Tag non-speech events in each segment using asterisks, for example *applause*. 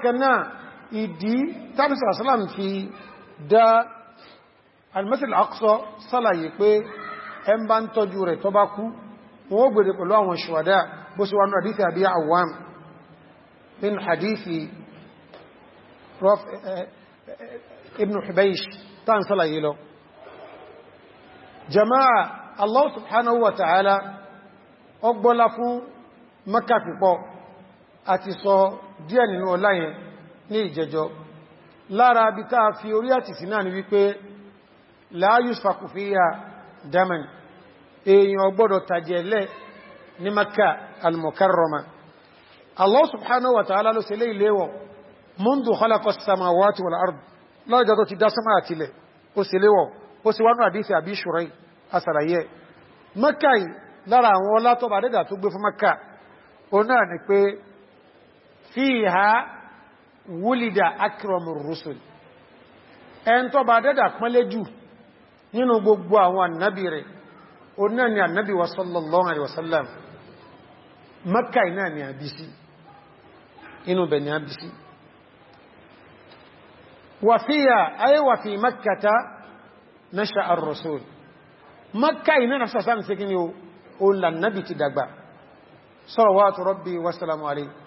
kanáà ìdí tábísà sálàm fi dá almasjid al-aqsa sálàyé pé ẹn bá ń tọ́jú rẹ̀ tó bá kú wọ́n gbèrè pẹ̀lú àwọn ṣùwádá bó sí wánú àdífẹ́ àbí àwọn min hadithi prof eh, eh, eh, ibn hubaysh tán sálàyé lọ jama'a allah subhanahu wa ta'ala ọgbọ́lá fún makka púpọ̀ àti sọ díẹ̀ nínú ọlá yẹn ní ìjẹjọ lára bí ká fi orí àtìsí náà ni wípé láàáyùs fàkùfíyà damani èèyàn gbọ́dọ̀ tàjẹ̀lẹ̀ ní Makka al-Mukarrama Allah subhanahu wa ta'ala ló ṣe lé ìléwọ̀ mundu khalaqas samawati wal ard lọ́jọ́ tó ti dá sánmà àtìlẹ̀ ó lára àwọn ọlá tó bá dẹ́dà tó gbé fún Makka ó náà ni pé fíhà wúlìdà akramur rusul ẹn tó bá dẹ́dà pánlé jù nínú gbogbo àwọn annabi rẹ̀ o náà ni annabi wa sallallahu alaihi wasallam makka iná ni àbísí inú bẹ̀ ni àbísí wà fíhà ayé wà fi makkata na sha'ar rusul makka iná na sassan sí kí o lànàbì ti dàgbà salawatu rabbi wasalamu alaihi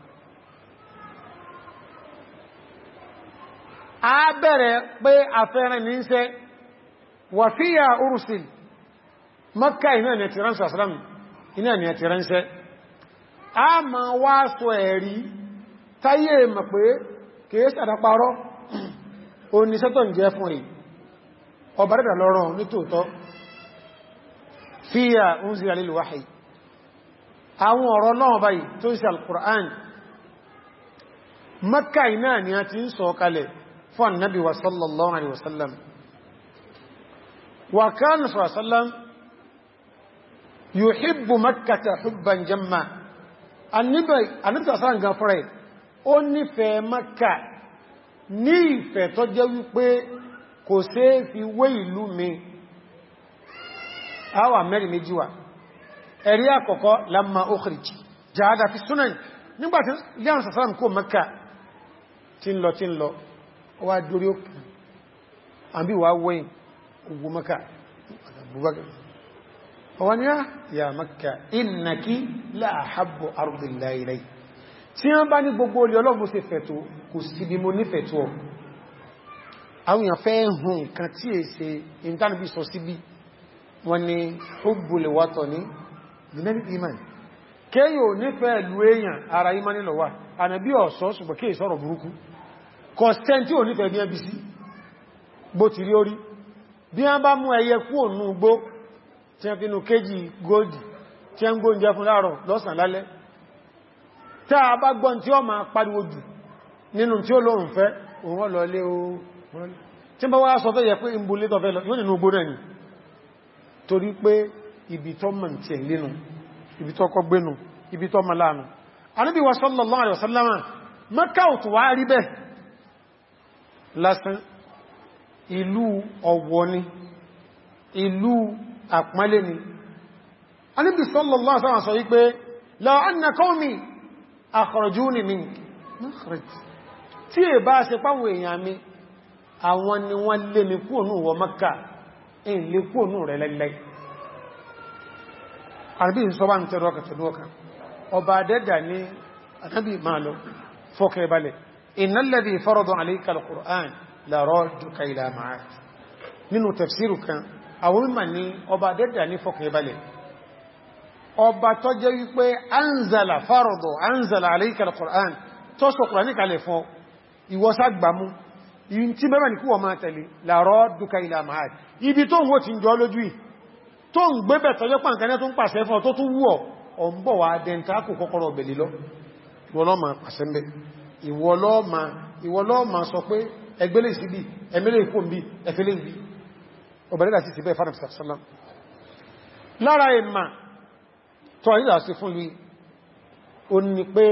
a bẹ̀rẹ̀ pé àfẹ́rẹ́ ní ṣe wà fíyà ursil Makka iná ni ẹ̀tì ránṣẹ́ àsìlám iná ni ẹ̀tì ránṣẹ́ a ma wá sọ ẹ̀rí táyé mọ̀ pé kìí sàdáparọ́ oníṣẹ́tọ̀ ń jẹ́ fún rí ọbárẹ́dà lọ́rọ̀ nítòótọ́ fíyà unzila lil wahyi àwọn Makka iná ni a ti ń sọ kalẹ̀ fún annabi wa sallallahu alaihi wasallam wa kan sallam yuhibbu makkata hubban jamma annabi annabi sallam gan fure ó nífẹ̀ẹ́ makka ní ìfẹ́ tó jẹ́ wípé kò ṣe fi wé ìlú mi àwa mẹ́rin méjì wà ẹ̀rí àkọ́kọ́ lamma ukhrij jahada fi sunan nígbàtí lẹ́yìn sallam kó makka tí ń lọ tí ń lọ wá dórí òkè àbí wà wọ́yìn ogun maka abubakar wọ́n ni ah, ya maka innaki láàhábò arùdìlá ilẹ̀ tí wọ́n bá ní gbogbo olè ọlọ́gbọ́n ṣe fẹ̀tọ́ kò sí bí mo nífẹ̀tọ́ àwọn èèyàn fẹ́ hùn kan tí è kọ̀sẹ́ntí ò nífẹ̀ẹ́ bí ẹbí sí bó ti rí orí bí wọ́n bá mú ẹyẹ kú ònú gbó tí wọ́n fi nù kéjì góòdì tí wọ́n góòjẹ fún láàrọ̀ lọ́sàn lálẹ́ tá a bá gbọ́n tí ó máa pariwo jù nínú tí ó lóhùn fẹ́ òun lọ o tí bá ni torí pé ibi tó mọ̀ tí ẹ̀ lénu ibi tó wa sallallahu wá rí bẹ́ẹ̀ lásán ìlú ọ̀wọ̀ ni ìlú àpọ́nlé ni Ànábì sallallahu alaihi wasallam sọ wípé law anna qawmi akhrajuni minki tí è bá ṣe páwọn èèyàn mi àwọn ni wọ́n lé mi kúrò ní wọ Mákkà in lè kúrò ní rẹ̀ lẹ́lẹ́ Ànábì sọ إن الذي فرض عليك القرآن لرادك إلى معاد nínú tafsiru kan àwọn mímọ̀ ní ọba dẹ́dà ní fọkàn ìbalẹ̀ ọba tó jẹ́ wípé anzala fardo anzala alayka al-Qur'an tó sọ Qur'an kalẹ̀ fún ìwọ́sàgbàmú in tí bẹ́bẹ̀ ní kúwọ máa tẹ̀lé la radduka ila ma'ad ibi tó ń wó ti ń jọ lójú ì tó ń ìwọlọ́ọ̀mà sọ pé ẹgbẹ́lẹ̀ ìsìbí ẹmẹ́lẹ̀ ìkóǹbí ẹfẹ́lẹ̀ ìbí ọbẹ̀rẹ́lá ti ti bẹ́ fánàbí sàfisàlám lára ìmà tó àyíká sí fún lùí o ní pé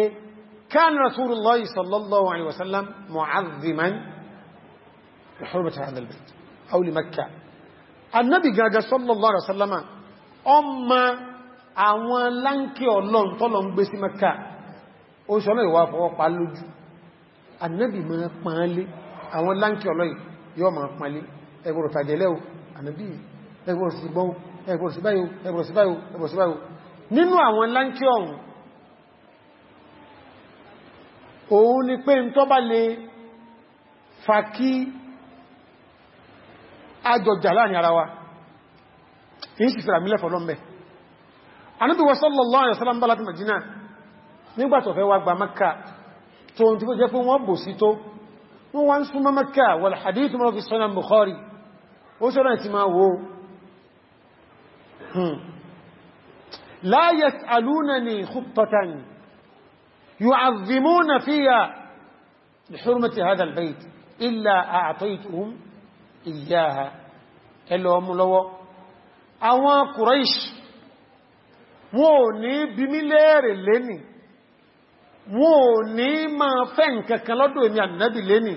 kan rasulullahi sallallahu alaihi wasallam mu'azziman hurmata hadha albayt aw li makkah annabi gaga sallallahu alaihi wasallama ọmọ àwọn láńkẹ́ ọlọ́run tọ́lọ ń gbé sí makkah ó sọ lọ́yìn wá fọwọ́ pa lójú annabi ma pàálé àwọn láńkì ọlọ́yìn yóò ma pàálé ẹgbọ̀rọ̀ tàjẹ̀lẹ́ o annabi ẹgbọ̀rọ̀ sí gbọ́n ẹgbọ̀rọ̀ sí báyìí ẹgbọ̀rọ̀ sí báyìí ẹgbọ̀rọ̀ sí báyìí nínú àwọn láńkì ọ̀hún òun ni pé ń tọ́ bá lè fa kí ajọjà láàrin ara wa kìí sì fìràmílẹ̀ fọ́lọ́m̀bẹ̀ annabi wa sallallahu alaihi wasallam bá nígbàtọ̀fẹ́ wá gba Makka tó ń tí kó jẹ́ pé wọ́n bò sí tó wọ́n wá ń súnmọ́ Makka wal hadith mọ́ fi sọ́nà Bukhari ó sọ́nà ti máa wo hmm. la yas'alunani khuttatan yu'azzimuna fiya lihurmati hadha albayt illa a'taytuhum iyyaha ẹlọ ọmọ lọ́wọ́ àwọn Quraysh wọn ní bí mí lẹ́rẹ̀ lẹ́nìí wọn ò ní máa fẹ́ nǹkan kan lọ́dọ̀ èmi ànábì lẹ́nì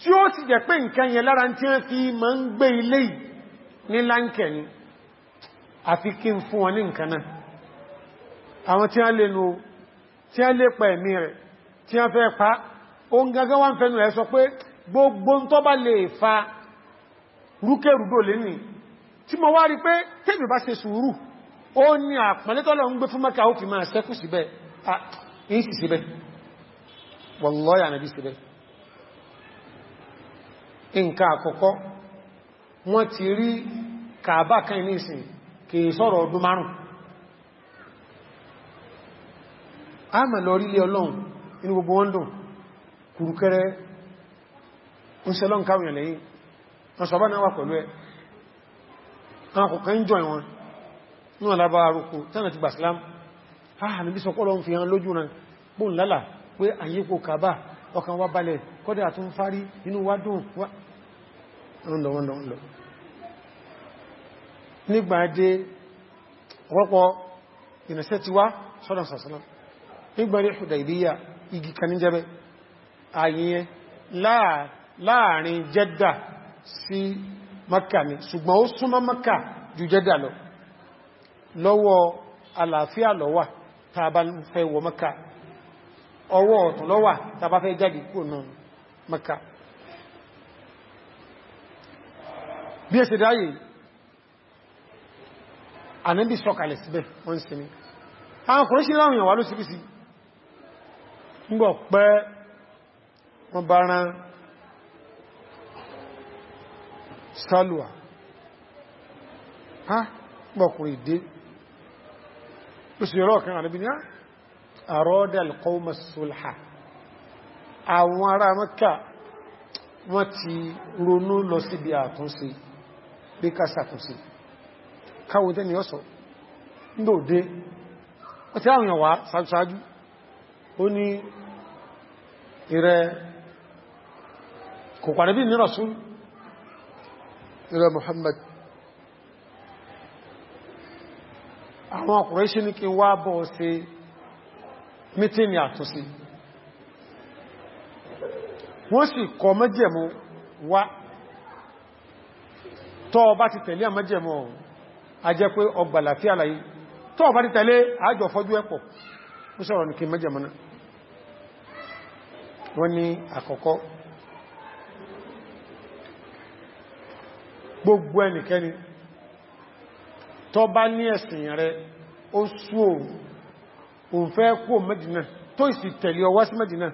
tí ó sì jẹ́ pé nǹkan yẹn lára tí wọ́n fi máa ń gbé ilé ní láńkẹ̀ ni àfi kí n fún wọn ní nǹkan náà àwọn tí wọ́n lè nù tí wọ́n lè pa ẹ̀mí rẹ̀ tí wọ́n fẹ́ pa ó ń gangan wá ń fẹ́nu ẹ̀ sọ pé gbogbo ń tọ́ bá lè fa rúkèrúdò ń sì síbẹ̀ wallahi ànàbí síbẹ̀ nǹkan àkọ́kọ́ wọ́n ti rí kàbá kan ní ìsìn kìí sọ̀rọ̀ ọdún márùn a mẹ́ lọ rílé ọlọ́run inú gbogbo wọn dùn kùrùkẹrẹ ń se lọ́n káwìyàn lẹ́yìn wọ́n Ah, ààrùn bí sọpọ́lọ ń fi hàn lójú rán pùn lálà pé àyíkò kàbà ọkàn wa balẹ̀ kọ́dẹ̀ àtún fárí inú wa dùn wá ọlọ́wọ́lọ́wọ́ nígbàdé rọ́pọ̀ ìrìnṣẹ́ ti wá sọ́dọ̀ sàṣánà nígbàdé Hudaybiyya igi kan níjẹ́bẹ̀ àyíyẹn láàrin Jeddah sí Makka ni ṣùgbọ́n ó súnmọ́ Makka ju Jeddah lọ lọ́wọ́ àlàáfíà lọ́wà tàbá fẹ́ wọ maka ọwọ́ ọ̀tún lọ́wà tàbá fẹ́ jáde kúrò náà maka bí ẹ̀sẹ̀ dáyé ànábì sọ̀kalẹ̀ síbẹ̀ wọ́n sinmi àwọn kòrò sí láwọn ìyàwó lóṣìbìsì ngbọ̀ pẹ́ wọ́n bá rán sálùwà ha gbọ̀kùnrin dé lóṣèlú kan àdúgbì ní àrọ́dà alqawma sulha àwọn ará mọ́kà wọ́n ti ronú lọ síbi àtúnṣe bí ká sàtúnṣe káwọn tẹ́ni ọ́sọ̀ ndòdé wọ́n ti àwọn ìwà sáájú ó ní ìrẹ́ kò ní rasul ìrẹ́ Muhammad àwọn ọkùnrin ṣe ní kí wá bọ́ ni mítíni àtúnṣe wọ́n sì kọ mẹ́jẹ̀mú wá tọ́ ọba ti tẹ̀lé àmẹ́jẹ̀mú ọ̀hún pé ọgbàlà fí àlàyé tọ́ ti tẹ̀lé fọ́jú ẹ̀pọ̀ tọ́ bá ní ẹ̀sìn ó sú òun fẹ́ kó mẹ́dínà tó ìsì tẹ̀lé ọwá sí mẹ́dínà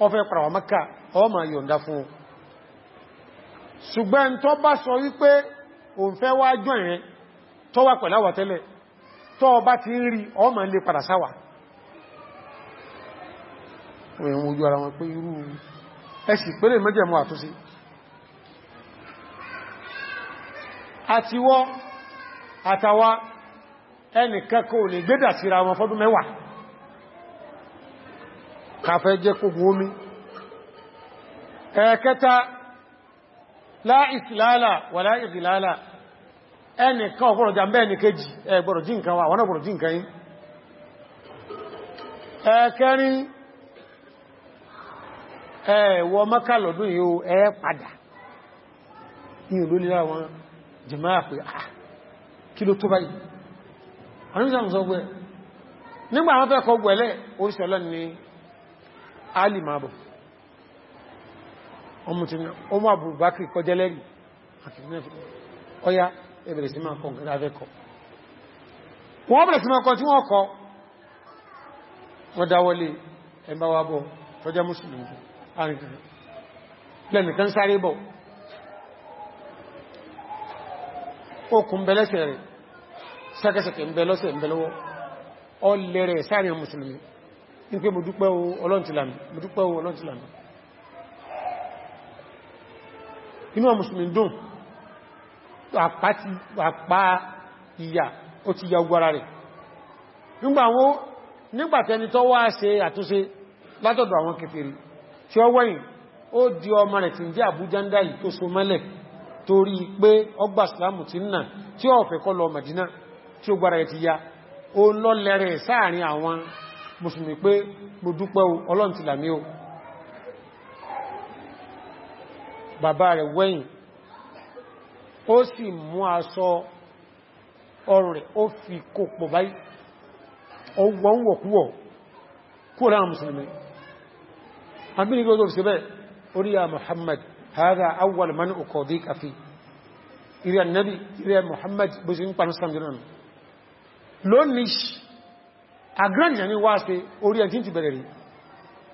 ó fẹ́ pàràwà mẹ́ka ó máa yọ̀ǹda fún Ṣùgbẹ́ tó bá sọ wípé òun fẹ́ wá jọ ìrìn tó wà pẹ̀láwà tẹ́lẹ̀ tó ọba ti ń rí ó máa lè padà sáwà ara wọn àtàwà ẹnìkan kò lè gbédà síra wọn fọ́dún mẹ́wàá káfẹ́ jẹ́ kó gún omi ẹ̀ẹ̀kẹta láìsìláàlà wà láìsìláàlà ẹnìkan ọgbọ̀rọ̀ jàmbẹ́ ẹnìkejì ẹgbọ̀rọ̀ jí nǹkan wà wọ́n ọgbọ̀rọ̀ jí nǹkan yí ẹ̀ẹ̀kẹrin ẹ̀ẹ̀wọ Mákà lọ́dún yìí ó ẹ padà ní ìlú lílá wọn jẹ́máà pé ah, kí ló tó báyìí àníṣàm sọ pé nígbà àwọn fẹ́ kọ gbẹ̀lẹ̀ oríṣẹ́ ọlọ́ni ni alì máa bọ̀ ọmọ tí ọmọ àbúrúbákì kọjẹ́ lẹ́rì ọya ẹbẹ̀rẹ̀ sí máa kọ nǹkan afẹ́ kọ wọ́n bẹ̀rẹ̀ sí máa kọ tí wọ́n kọ wọ́n dáwọlé ẹmbá wa bọ̀ tọ́já mùsùlùmí lẹ́nìkan sáré bọ̀ sẹ́kẹsẹ̀kẹ̀ ń bẹ lọ́sẹ̀ ń bẹ lọ́wọ́ ọlẹ́rẹ̀ sáàrin mùsùlùmí ní pé mo dúpẹ́ o ọlọ́ntìlàmì mo dúpẹ́ o ọlọ́ntìlàmì inú ọ mùsùlùmí dùn àpá ìyà ó ti ya ogbára rẹ̀ nígbàtẹni tó wá ṣe àtúnṣe látọ̀dọ̀ àwọn kèfèrí tí ó wẹ́yìn ó di ọmọ rẹ̀ tí ń jẹ́ àbújá ń dáyì tó so mẹ́lẹ̀ torí pé ọgbà ìsìlámù ti ń nà tí ó fẹ́ kọ́ lọ tí ó gbára ẹ̀ ti ya ó lọ lẹ́rẹ̀ sáàrin àwọn mùsùlùmí pé mo dúpẹ́ ọlọ́run ti là mí o bàbá rẹ̀ wẹ́yìn ó sì mú aṣọ ọrùn rẹ̀ ó fi kó pọ̀ báyìí ó wọ́n wọ̀kúwọ̀ kúrò láwọn mùsùlùmí àbínigó tó fi ṣe bẹ́ẹ̀ orí ya Muhammad هذا أول من أقاضيك فيه إذا النبي إذا محمد بجن قنصر جنان lónìí àgrán ìyàmí wá ṣe orí ẹ̀ tí ti bẹ̀rẹ̀ rí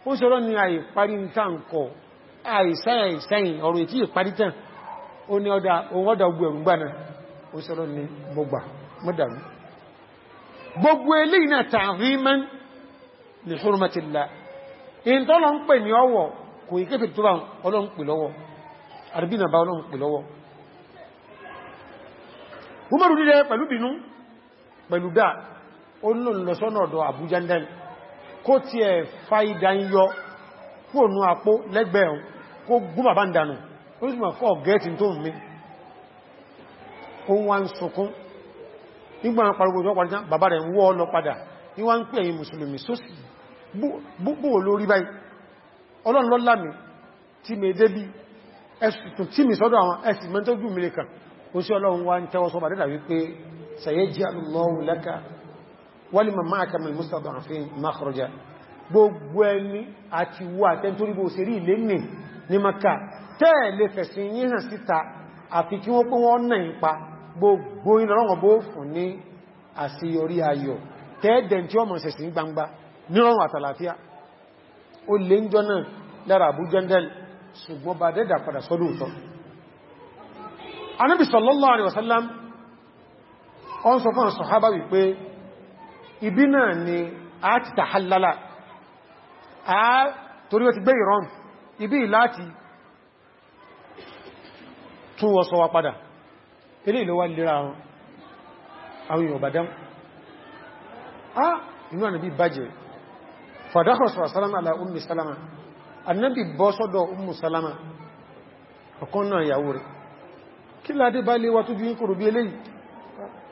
ó sọ́rọ̀ ní àì parí ní tàǹkọ̀ àìsáyìn ọ̀rọ̀ ètí ìparí tàn ó ní ọdá ohun ọdá ogun ẹ̀rùn gbáná ó sọ́rọ̀ ní gbogbo mọ́dàrú gbogbo ilé iná ta'ziman li hurmatillah in tọ́lọ ń pè ní ọwọ́ kò ìkéfè tó bá pẹ̀lú dáa ó ń lọ sọ́nà ọ̀dọ̀ Àbújá ndẹ́n kó ti ẹ̀ fa ìdá ń yọ kúrònú àpó lẹ́gbẹ̀ẹ́ ọ̀hún kó gúnmà bá ń dànù ó sì mọ̀ fọ́ gẹ́ẹ̀tì tó ń mi ó ń wá ń sọkún nígbà pariwo ìjọ padà bàbá rẹ̀ ń wọ́ lọ padà ní wá ń pè ẹ̀yin mùsùlùmí sósì búbù olórí báyìí ọlọ́run lọ́lá mi tí mi débí ó sí ọlọ́run wá ń tẹ́wọ́ sọ́bàdẹ́dà wípé سيجعل الله لك ولمن معك من المستضعفين مخرجا gbogbo ẹni àti wà tẹ́ntorí bó ṣe rí ilé nì ní maka tẹ́ẹ̀lẹ́ fẹ̀sí yíhàn síta àfi kí wọ́n pín wọ́n náà ipa gbogbo ìrọ̀wọ̀n bó fún ní àṣeyọrí ayọ̀ tẹ́ẹ̀dẹ̀ tí ọmọ ṣẹ̀sì ní sallallahu alaihi wasallam ọ́n sọ fún sọ̀hábà wípé ibi náà ni a ti tàhálálà a torí ó ti gbé ìrọ́n ibi láti tún wọ́n sọ wa padà ilé ìlú wa lera wọn àwọn èèyàn bàdán a inú ànàbí bàjẹ́ fàdákọ̀ kí ládé bá lé wa tó ju yínkòrò bí eléyìí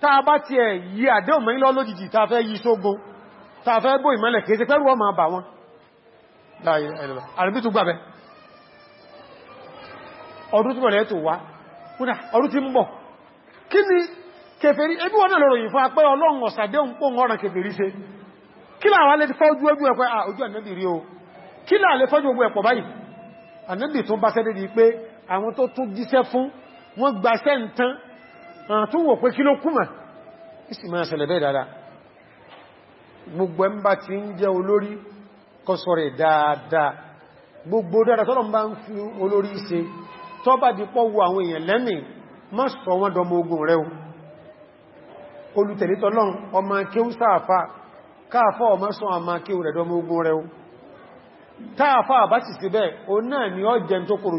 tá bá ti ẹ̀ yí àdéhùn mẹ́rin lọ lójijì tá fẹ́ yí sógun tá fẹ́ bó ìmọ́lẹ̀ kéèsẹ́ pẹ́rù ọmọ àbà wọn àrùbí tó gbàbẹ̀ ọdún tí mọ̀lẹ̀ tó wá ọdún tí ń bọ̀ kí ni kèfèrí ebí wọ́n náà lọ́ròyìn fún apẹ́ ọlọ́run ọ̀sàdéhùn pọ̀ ọ̀ràn kèfèrí ṣe kí láàwà lè fọ́jú ojú ẹ̀pẹ́ ojú ànẹ́bì rí o kí láà lè fọ́jú ojú ẹ̀pọ̀ báyìí ànẹ́bì tó bá sẹ́dẹ̀ di pé àwọn tó tún jíṣẹ́ fún wọ́n gbaṣẹ́ ń tán àtún wò pé kí ló kúmà ìsì máa ṣẹlẹ̀ bẹ́ẹ̀ dáadáa gbogbo ẹn bá ti ń jẹ́ olórí kọsọ̀rẹ̀ dáadáa gbogbo dáadáa tọ́lọ̀ bá ń fi olórí ṣe tọ́ bá di pọ́ wo àwọn èèyàn lẹ́mì má sọ wọ́n dọmọ ogun rẹ̀ olùtẹ̀lé ni ọ jẹun tó kòrò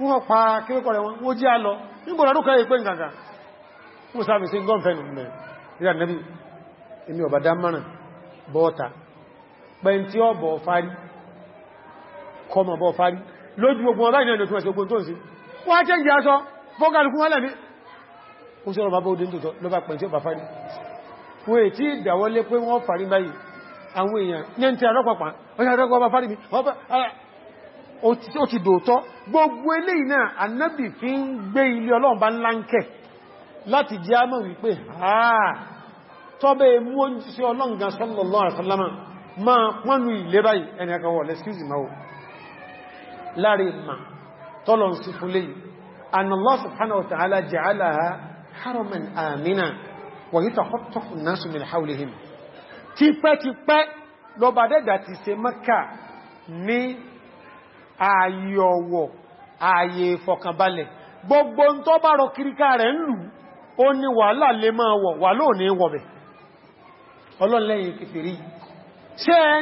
wọ́n pa kíríkọ̀ rẹ̀ wọ́n jí á lọ nígbò rẹ̀ rúkọ̀ ìpé ìgbàgbà wọ́n sáàbì sí gọ́ǹfẹ́ nìmẹ̀ ìrà nẹ́bí èmi ọ̀bà dámọ́ràn bọ́ọ̀ta pẹ̀ntí ọ̀bọ̀ fárí kọmọ̀ bọ́ fárí lójú gbogbo ọba ìrìnà ìdòtún ẹ̀sẹ̀ ogun tó ń sí wọ́n á jẹ́ ìyá sọ fọ́gàlùkún wọ́n lẹ́mí ó sọ́rọ̀ bá bóòdé tó lọ́bà pẹ̀ntí ọba fárí wọ́n è tí ìdàwọlé pé wọ́n fàrí báyìí àwọn èèyàn ní ẹni tí arọ́pàpàá ó ti dòótọ́ gbogbo eléyìí náà annabi fi ń gbé ilé ọlọ́run bá ńlá ń kẹ́ láti jẹ́ àmọ́ wípé àà tọ́bẹ̀ mú oúnjẹ́ ọlọ́run gan sallallahu alaihi wasallam ma pọ́nù ilé báyìí ẹni akọwọ̀ lẹ́skúsì máa láàrin ma tọ́lọ̀ sí fún léyìí anna Allah subhanahu wa lọ bá ti ṣe Mákà ní ààyè ọ̀wọ̀ ààyè ìfọ̀kànbalẹ̀ gbogbo ń tọ́ bá rọ kíríká rẹ̀ ń lù ó ní wàhálà lè máa wọ̀ wà lóòní wọ̀bẹ̀ ọlọ́lẹ́yìn kìfèrí ṣe ẹ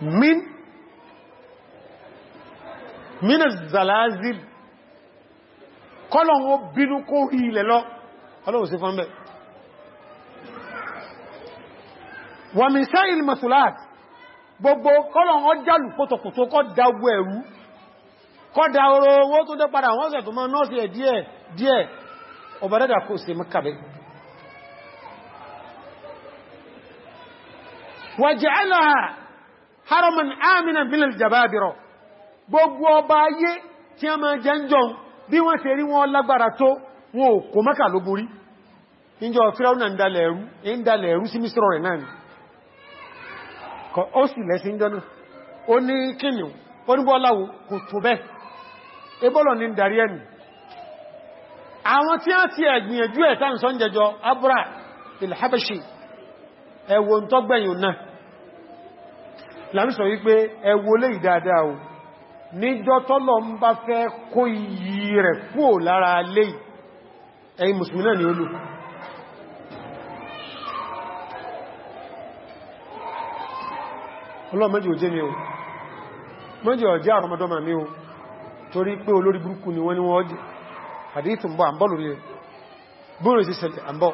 min min az kọ́lọ̀n ó bínú kó rí ilẹ̀ lọ ọlọ́wọ́ sí fún bẹ́ wàmìsá ilmọ̀tùláàt gbogbo kọ́lọ̀n ó jálù pótòkòtò kọ́ da ẹ̀rú kọ́ da oró owó tó dé padà wọ́n sẹ̀ tó mọ́ náà sí ẹ̀ díẹ̀ díẹ̀ ọbàdádà kó sí mọ́kàbẹ́ gbogbo ọba ayé tí a máa jẹ́ bí wọ́n ṣe rí wọn lágbára tó wọn ò kò mẹ́kà ló borí níjọ fíráúnà ń dalẹ̀ ẹ̀rú ń dalẹ̀ ẹ̀rú sí mísírọ̀ rẹ̀ náà ni ó sì lẹ́sí ìjọ náà ó ní kíni ó ní bọ́láwò kò tó bẹ́ ebọ́lọ̀ ní darí ẹ̀nì àwọn tí a ti ẹ̀gbìyànjú ẹ̀ tán sọ́n jẹjọ abúrà ilhabashi ẹ̀wọ̀n tọ́gbẹ̀yìn náà láàrín sọ wípé ẹwọ lè dáadáa níjọ́ tọ́lọ ń bá fẹ́ kó iyì rẹ̀ kúò lára alé ẹ̀yin mùsùlùmí náà ni ó lò ọlọ́run mẹ́jì òjé mi o mẹ́jì ọjá àrọmọdọ́mà mi o torí pé olórí burúkú ni wọ́n ni wọ́n jẹ́ àdíyìtì ń bọ́ àmbọ́ lórí rẹ̀ bóòrè sí sẹ̀lẹ̀ àmbọ́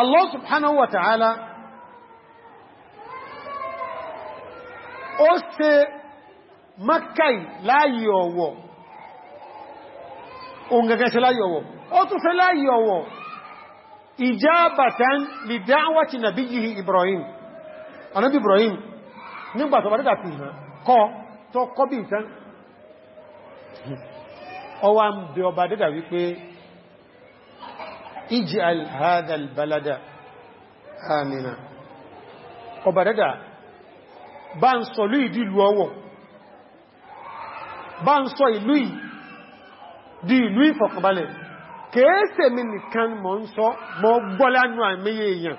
Allah subhanahu wa ta'ala ó ṣe makai láyé ọ̀wọ̀ òun gẹ́gẹ́ ṣe láyé ọ̀wọ̀ ó tún ṣe láyé ọ̀wọ̀ ìjábàtán lè dáwàtí nàbíyìí Ibrahim anábí Ibrahim nígbàtọ̀ bá dídà fi hàn kọ́ tó kọ́ bí ìtàn ọwá ń bẹ ọba dídà wípé ij'al hadha balada amina ọba dídà bá ń sọ ìlú ìdí ìlú ọwọ̀ bá ń sọ ìlú ìdí ìlú ìfọ̀kànbalẹ̀ kèése mi nìkan mọ̀ ń sọ mọ́ gbọ́lánú àmìyẹ èèyàn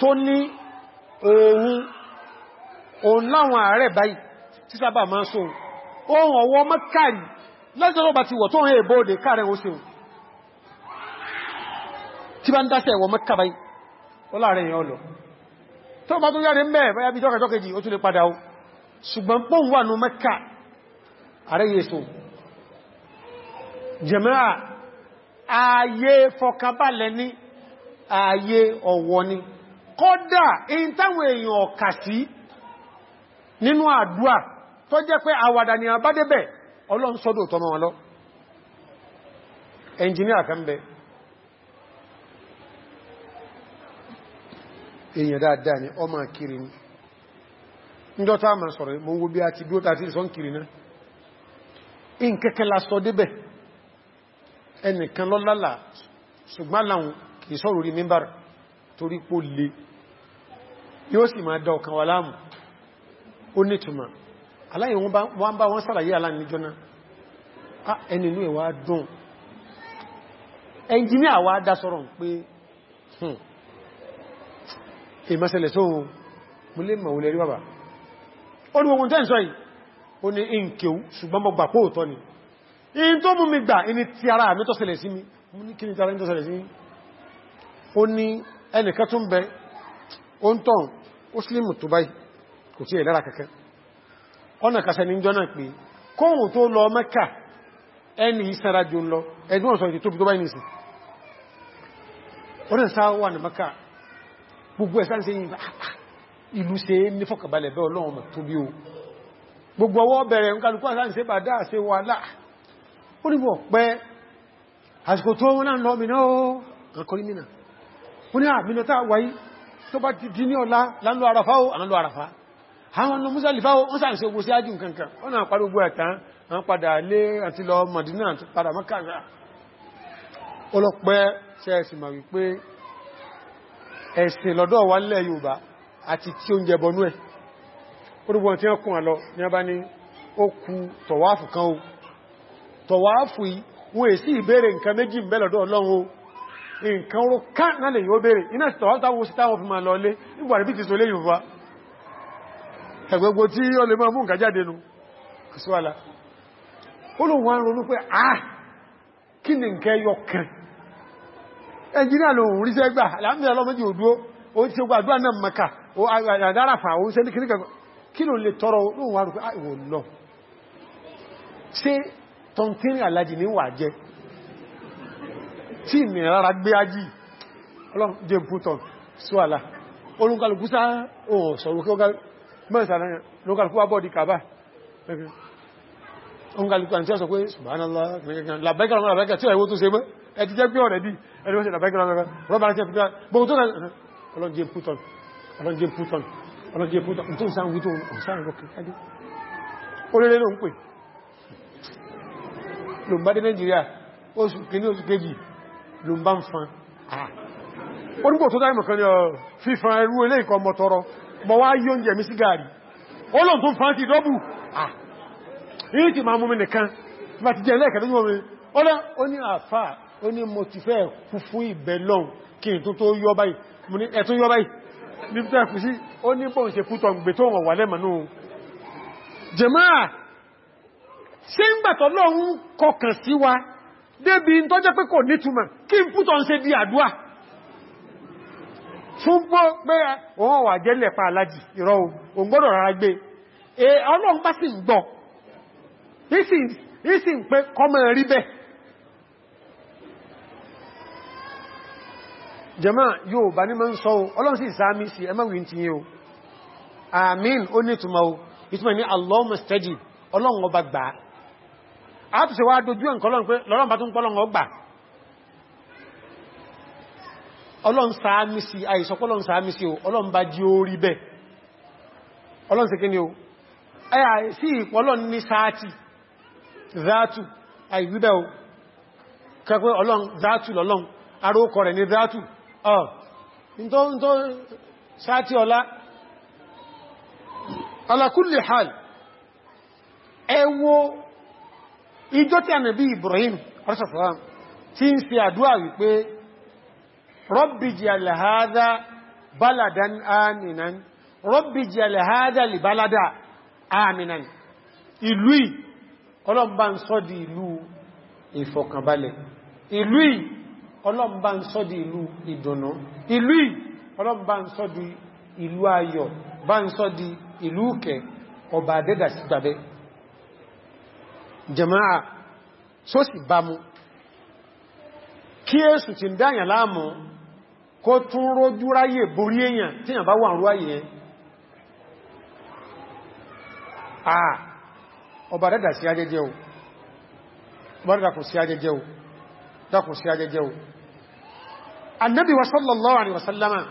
tó ní ohun òun láwọn ààrẹ báyìí tí sábà máa sọ ohun ọwọ́ mọ́kàrí lọ́sọ̀rọ̀ bá ti wọ̀ tó hàn èbóòdè káàrẹ̀ ó sèun tí bá ń dáṣẹ́ ẹ̀wọ̀ mọ́kàbáyìí ọláàrẹ̀ tó bá tó yáre mẹ́ báyá bí jọ́kẹjọ́ kejì ó tún lè padà ó ṣùgbọ́n pọ́n wà ní mẹ́kà àrẹ yẹsùn jẹ̀mẹ́ra ààyè fọkànbalẹ̀ ní ààyè ọ̀wọ̀ ni kọ́dà in táwọn èèyàn ọ̀kà sí nínú àdúà tó èèyàn dáadáa ni ọmọ kiri ni ndọ́ta ma sọ̀rọ̀ mo bí a ti dúó tàbí sọ́n kiri náà in kẹ́kẹ́ la sọ débẹ̀ ẹnìkan lọ́lálà ṣùgbọ́n láwọn kìí sọ rí mímbà torí pó le yóò sì máa dá ọkàn wà láàmù ó nítumọ̀ aláyìn bá wọ́n sàlàyé ìmọ́sẹ̀lẹ̀ sóhun mú lè mọ̀ olè rí bàbá ó ní ogun tẹ́ǹsọ́ yìí ó ní ìǹkèú ṣùgbọ́n mọ́ gbà póòtọ́ ni in tó mú mi gbà in ti ara mi tọ́sẹ̀lẹ̀ sí mi mú ní kíni tara mi tọ́sẹ̀lẹ̀ sí mi ó ní ẹnìkan tún bẹ ó ń tàn ó sílìmù ní jọ wà ní mẹ́kà gbogbo ẹ̀sán sí ah, ah, ìlú ṣe ní fọ́kàbalẹ̀ bẹ́ ọlọ́run mọ̀ tó bí o gbogbo ọwọ́ bẹ̀rẹ̀ nǹkanukú àsáà ṣe bàdá ṣe wà láà ó ní pẹ́ àsìkò tó wọ́n náà lọ mìíràn ó ó ní àmìnà ah, wáyé tó bá ti di ní ọ̀la nlo arafa. ẹ̀sìn lọ́dọ̀ wa nílẹ̀ Yorùbá àti tí ó ń jẹbọnú ẹ̀ orúgbọ́n tí wọ́n kún àlọ ní ọba ní ó kú tọ̀wáàfù kan o tọ̀wáàfù wọ́n èsì ìbéèrè nǹkan méjì o nǹkan oró ká náà lè yóò béèrè iná sí tọ̀wáàfù táwọn so ah nǹkan ẹnjìnà ló ń ríṣẹ́ gbà aláàmì ọlọ́mọdé òdúó ó ti ṣe gbà àdúrà náà maka àdárafa ó ṣe ní kìríkà kí ló lè tọrọ ah, lóhun wà rúkú àìwò lọ ṣe tọ́ntín alájì ní wà jẹ tí ìmì rárá gbé ají ọlọ́dé pútọ̀ sọ́àlá olùkàlùkù sá ohun sọ̀rọ̀ kí ó gá mẹ́rin ẹ ti jẹ́ pé ọ̀rẹ́ bí ẹni wọ́n ṣe ìdàbẹ́ gírámẹ́gá rọ́bà ṣe fìdá gbogbo tó rẹ̀ ọlọ́njẹ pútọ̀n ọlọ́njẹ pútọ̀n ọlọ́njẹ pútọ̀n tó ń sáà wító ọ̀sáà rọ́kẹ̀ kájí olóre ló ń pè ló ń bá dé Nàìjíríà oṣù kìíní oṣù kejì ló ń bá ń fan onígbò tó dáìmọ̀ kan ní ọ fífan ẹrú ilé ìkọ ọmọ ó ní mo ti fẹ́ kú fún ìbẹ̀ lọ́n kí n tó tó yọ báyìí mo ní ẹ̀tún yọ báyìí ní tẹ́ kú sí ó ní bọ́n ṣe kú tọ̀gbẹ̀ tó wọ̀n wà lẹ́mọ̀nú jẹmáà ṣe ń gbàtọ̀ lọ́run kọkàn sí wa débi tó jẹ́ pé kò nítumọ̀ kí n pútọ̀ ń ṣe di àdúà fún bọ́ pé òun wà jẹ́lẹ̀ pa alájì ìrọ̀ òun gbọ́dọ̀ rárá gbé ọlọ́run bá sì ń gbọ́ ìsìn pé kọmọ rí bẹ́ẹ̀ jama yóò bá ní ma ń sọ o ọlọ́run sí ìsáàmì sí ẹmọ́wìn tí yíò amin ó ní ìtumọ̀ o ìtumọ̀ ní allahumma steady ọlọ́run ọba gbà á tó ṣe wá dojú ẹ̀nkọ́ lọ́run pé lọ́run bá tún pọ́ lọ́run ọgbà ọlọ́run sáàmì sí àìsọ́pọ́ lọ́run sáàmì sí o ọlọ́run bá jí kẹ́kọ́ ọlọ́run záàtù lọ́lọ́run arókọ rẹ̀ ní záàtù ọ̀ tó ń tó sáti ọlá ala kulli hal ẹwọ ìjọ tí ànábì Ibrahim arṣàfàá tí ń ṣe àdúwà wípé rabbi jal hadha baladan aminan rabbi jal hadha li balada aminan ìlú ọlọ́mbà ń sọ́ di ìlú ìfọ̀kànbalẹ̀ ìlú ọlọ́mbà ń sọ di ìlú ìdùnnú ìlú ọlọ́mbà ń sọ di ìlú ayọ̀ bá ń sọ di ìlú kẹ ọba àdẹ́dà sí gbàbẹ́ jẹmáà só sì bá mú kí èsù ti ń dáyàn láàmú kó tún rójú ráyè borí èyàn tí yàn bá wà ń rúwáyè ọba àdẹ́dà sí ajẹ́jẹ́ o ọba àdẹ́dà kò sí ajẹ́jẹ́ o dákùn sí ajẹ́jẹ́ o annabi wa sallallahu alaihi wasallama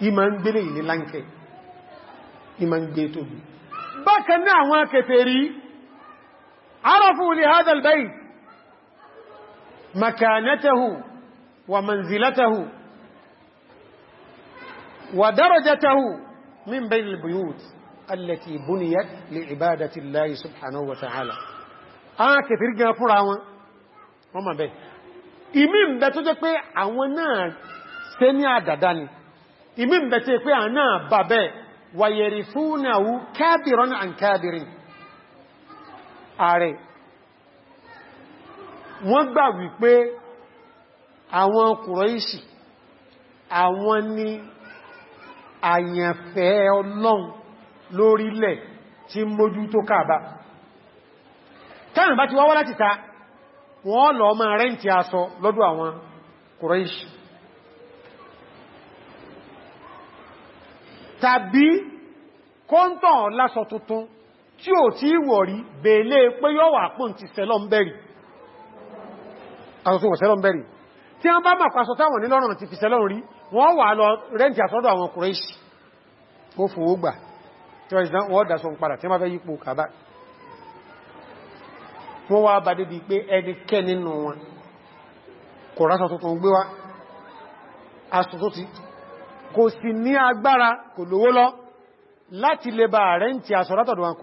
ima n gbele ile lanke ima n gbe tobi bákan náà àwọn kèfèrí arafu li hadha albayt makanatahu wa manzilatahu wa darajatahu min bayni albuyut allati buniyat li ibadati llahi subhanahu wa ta'ala àwọn kèfèrí gan fura wọn wọ́n ma bẹ́ẹ̀ ìmí ń bẹ tó jẹ́ pé àwọn náà ṣe ní àdàdá ni ìmí ń bẹ tó jẹ́ pé àwọn náà bà bẹ́ wàyẹ̀rì fúnàwú kábìrán àn kábìrín ààrẹ wọ́n gbà wípé àwọn Kùráìṣì àwọn ni àyànfẹ́ ọlọ́run lórílẹ̀ tí mójú tó kàbá táàrùn bá ti wáwá láti ta wọ́n lọ máa rẹ́ǹtì aṣọ lọ́dọ̀ àwọn kùrẹ́ṣì tàbí kọ́ntàn lásọ tuntun tí ò tí wọ̀rí bèèlé pé yọ́ wà pùn ti sẹlọ́mbẹ̀rì aṣọ tó wọ̀ sẹlọ́mbẹ̀rì tí wọ́n bá máa pàṣọ táwọn nílọ́rùn ti fi sẹlọ́rùn rí wọ́n wà lọ rẹ́ǹtì àsọ́dọ̀ àwọn kùrẹ́ṣì ó fòó tí wọ́n dásọ padà tí wọ́n fẹ́ yípo kàbáyì wọ́n wá bá débi pé ẹnikẹ́ nínú wọn kò rásọ tuntun gbé wá aṣọ tó ti kò sì ní agbára kò lówó lọ láti lè bá rẹ̀ ń ti aṣọ látọ̀dọ̀ wọn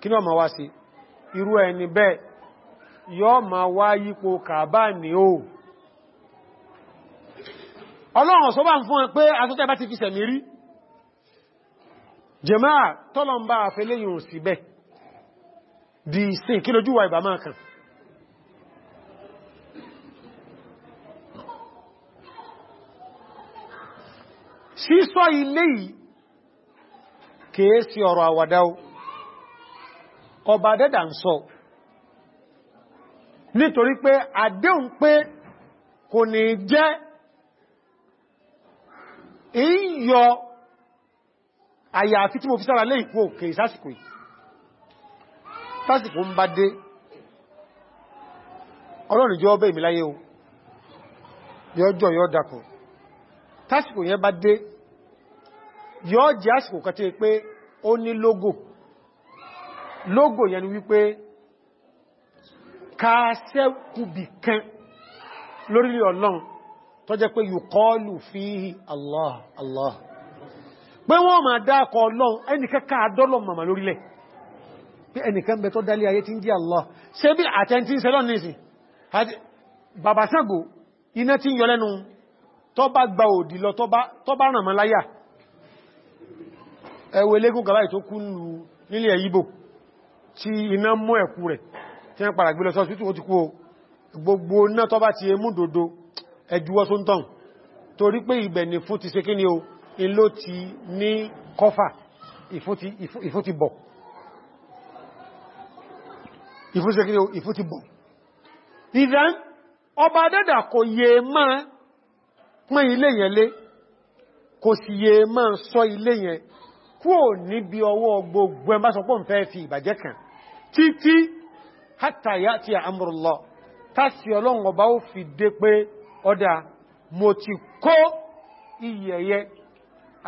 kí ní ọmọ wá sí irú ẹni bẹ́ẹ̀ yọ́ ma wá yípo kàbá ní o ọlọ́run sọ bá ń fún ẹ pé aṣọ́tẹ́ bá ti fi sẹ̀mí rí jẹ́máà tọ́lọ̀ ń òsì bẹ́ẹ̀ di ìsìn kí lójú wa ìbá máa kàn sísọ ilé yìí kìí sí ọ̀rọ̀ àwàdá ọba dẹ́dà ń sọ nítorí pé àdéhùn pé kò ní jẹ́ ìyọ àyàfi tí mo fi sára lé ìkú òkè ìsásìkò yìí tásìkò ń bá dé ọlọ́run jọ ọbẹ̀ ìmìláyé o yọjọ́ yọ dàkùn tásìkò yẹn bá dé yọ jẹ́ àsìkò kàtẹ́ pé ó ní lógò lógò yẹn ni wípé kàásẹ́kùbì kan lórí ọlọ́run tó jẹ́ pé yùkọ́ọ̀lù fíhì Allah Allah pé wọ́n dákọ̀ ọlọ́run lórílẹ̀ pé ẹnìkan bẹ tó dálé ayé tí ń jí Allah ṣe bí àtẹ́ntí sẹ́lọ́n nìsìn bàbá Ṣàngó iná tí ń yọ lẹ́nu tó bá gba òdì lọ tó bá ràn mọ́ láyà ẹwọ elégún gàbáyì tó kú lù nílẹ̀ Ìgbò tí iná mú ẹ̀kú rẹ̀ tí wọ́n padà gbélọ sọ́sítù ó ti kú gbogbo ni fún ti ṣe kí ti bọ̀ ìfúnṣekiri ìfún ti bọ̀. ìdán ọba dẹ́dà kò yẹ máa pín ilé yẹn lé kò sì yẹ máa sọ ilé yẹn kúò níbi ọwọ́ gbogbo ẹmbá sọpọ̀ ń fẹ́ fi ìbàjẹ́ kan títí hátàyà ti àmúrùlọ tásí ọlọ́run ó fi dé pé ọdá mo ti kó iyẹ̀yẹ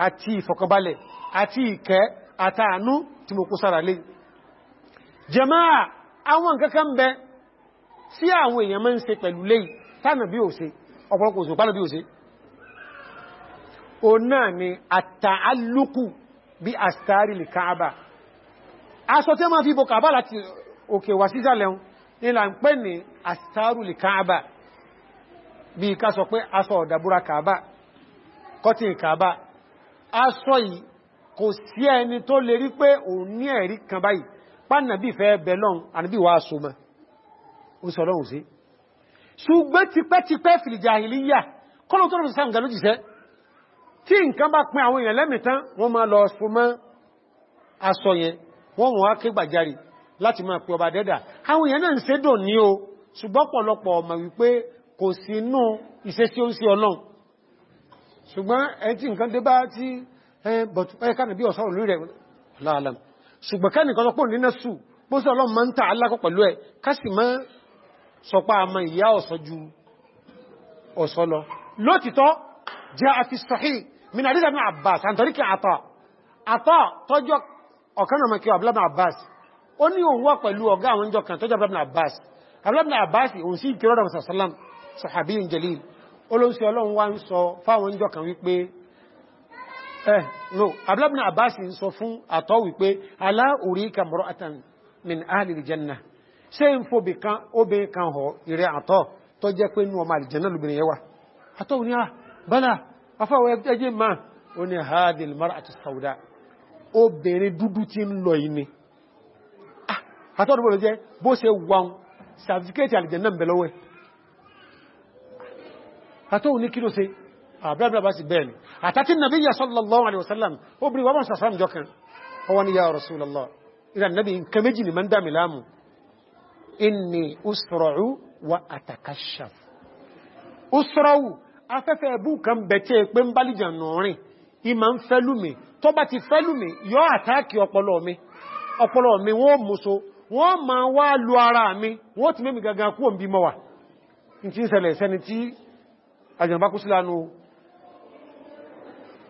àti ìfọ̀kànbalẹ̀ àti ìkẹ́ àtàánú tí mo kó sára lé jẹmáà àwọn kankan bẹ sí àwọn èèyàn mọ́ ń ṣe pẹ̀lú lè tánà bí ò ṣe ọ̀pọ̀lọpọ̀ òṣù pánà bí ò ṣe o náà ni àtàálùkù bí àstàrí lè káàbà aṣọ tí a máa fi bọ kàbà láti òkè wà sí ẹni tó lè rí pé òun ní ẹ̀rí kan báyìí pánàbí fẹ́ bẹ̀lọ́n ànàbí wà so mọ́ o sọ lọ́hùn sí ṣùgbọ́n tipẹ́tipẹ́ fìlìjàhìlíyà kọ́lọ̀ tó rọ̀sán ga lójíṣẹ́ tí nǹkan bá pín àwọn èèyàn lẹ́mìtán wọ́n máa lọ so mọ́ aṣọ yẹn wọ́n wọ́n á ké gbàjarì láti máa pè ọba dẹ́dà àwọn èèyàn náà ń ṣe dùn ní o ṣùgbọ́n pọ̀lọpọ̀ ọmọ wípé kò sí inú iṣẹ́ tí ó ń sí ọlọ́run ṣùgbọ́n ẹ tí nǹkan dé bá tí ẹ láàlàmù ṣùgbọ́n kẹ́nìkan sọpọ̀ nínú sù bó sí ọlọ́run máa ń ta alákọ̀ pẹ̀lú ẹ̀ kásì máa sọpá àmà ìyá ọ̀sọ́ ju ọ̀sọ́ lọ lótìtọ́ jẹ́ àti sahih min àdídà ní Abbas àtàríkì àtà àtà tọ́jọ́ ọ̀kanàmàkí Abdullahi bin Abbas ó ní òun wà pẹ̀lú ọ̀gá àwọn ìjọ kan tọ́jọ́ Abdullahi bin Abbas Abdullahi bin Abbas òun sí ìkìrọ́dọ̀ sàlám sahabiyyun jalil olóńsí ọlọ́run wá ń eh no ablabun abbas ń sọ fún àtọ́ wípé alá orí kàmọ́rọ̀ àtàn min ahli aljanna ṣe ń fò bí kan obìnrin kan họ ìrẹ àtọ́ tó jẹ́ pé ní ọmọ aljanna lóbìnrin yẹwà àtọ́ ní à bala afáwọ̀ ẹjẹ́ ma ó ní hadil mara àti sauda obìnrin dúdú tí ń lọ ìní ah, kí ló ṣe àbúrábìlábà ah, sì bẹ́ẹ̀ ni àtàtí nàbí yà sallallahu alaihi wasallam ó bí wọ́n sàfàm jọkan ọwọ́n ni yà Rasulullah ìrìn nàbí nǹkan méjì ni mọ́ndà milamu inni usra'u wa atakashaf usra'u afẹ́fẹ́ ẹbú kan bẹ̀tẹ́ pé ń bálìjà nọ̀rin ìmá ń fẹ́lúmi tó bá ti fẹ́lúmi yọ àtàkì ọpọlọ mi ọpọlọ ma wá lu ara mi ti mẹ́mi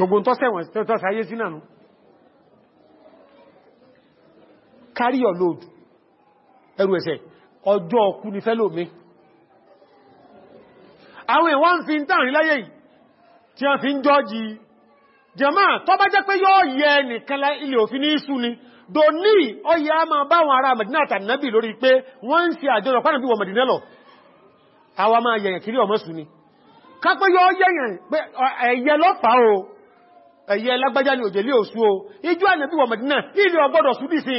gbogbo tó sẹ́wọ̀n tó sáyé sí náà carry your load ẹrù ẹ̀ṣẹ̀ ọjọ́ ọkú ni fẹ́lò mi àwọn ìwọ́n fi ń tàn rí láyé yìí tí a fi ń jọ́jì jẹ́mà tó bá jẹ́ pé yóò yẹ nìkan ilé òfin ní ìsú ni dò ní ọyẹ a máa báwọn ará Mẹ̀dínà tàbí lórí pé wọ́n ń ṣe àjọrọ̀ pánàbí wọ Mẹ̀dínà lọ àwa máa yẹ̀yẹ̀ kiri ọmọ sùn ni ká pé yóò yẹ̀yẹ̀ ẹ̀yẹ lọ́pàá o ẹ̀yẹ lágbájá ní òjèlé òsú o ijú naa wà Mẹdínà ilé ọgbọ́dọ̀ sú dìsí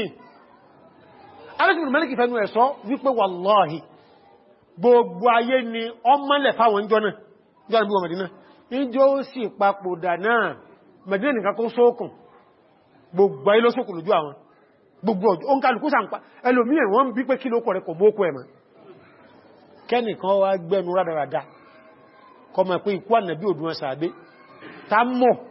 alẹ́sìnkú mẹ́lẹ́kì fẹ́nu ẹ̀sọ́ wípé wàláhì gbogbo aye ni ọmọlẹ̀ fáwọn ìjọ náà ìjọ ànàbí wà Mẹdínà ìjọ ó sì papòdà náà Mẹdínà nìkan kó sókùn gbogbo ayé ló sókùn lójú àwọn gbogbo ó ń kálukú sàǹpa ẹlòmíràn wọ́n bí pé kí ló kọ̀rẹ́ kò mọ̀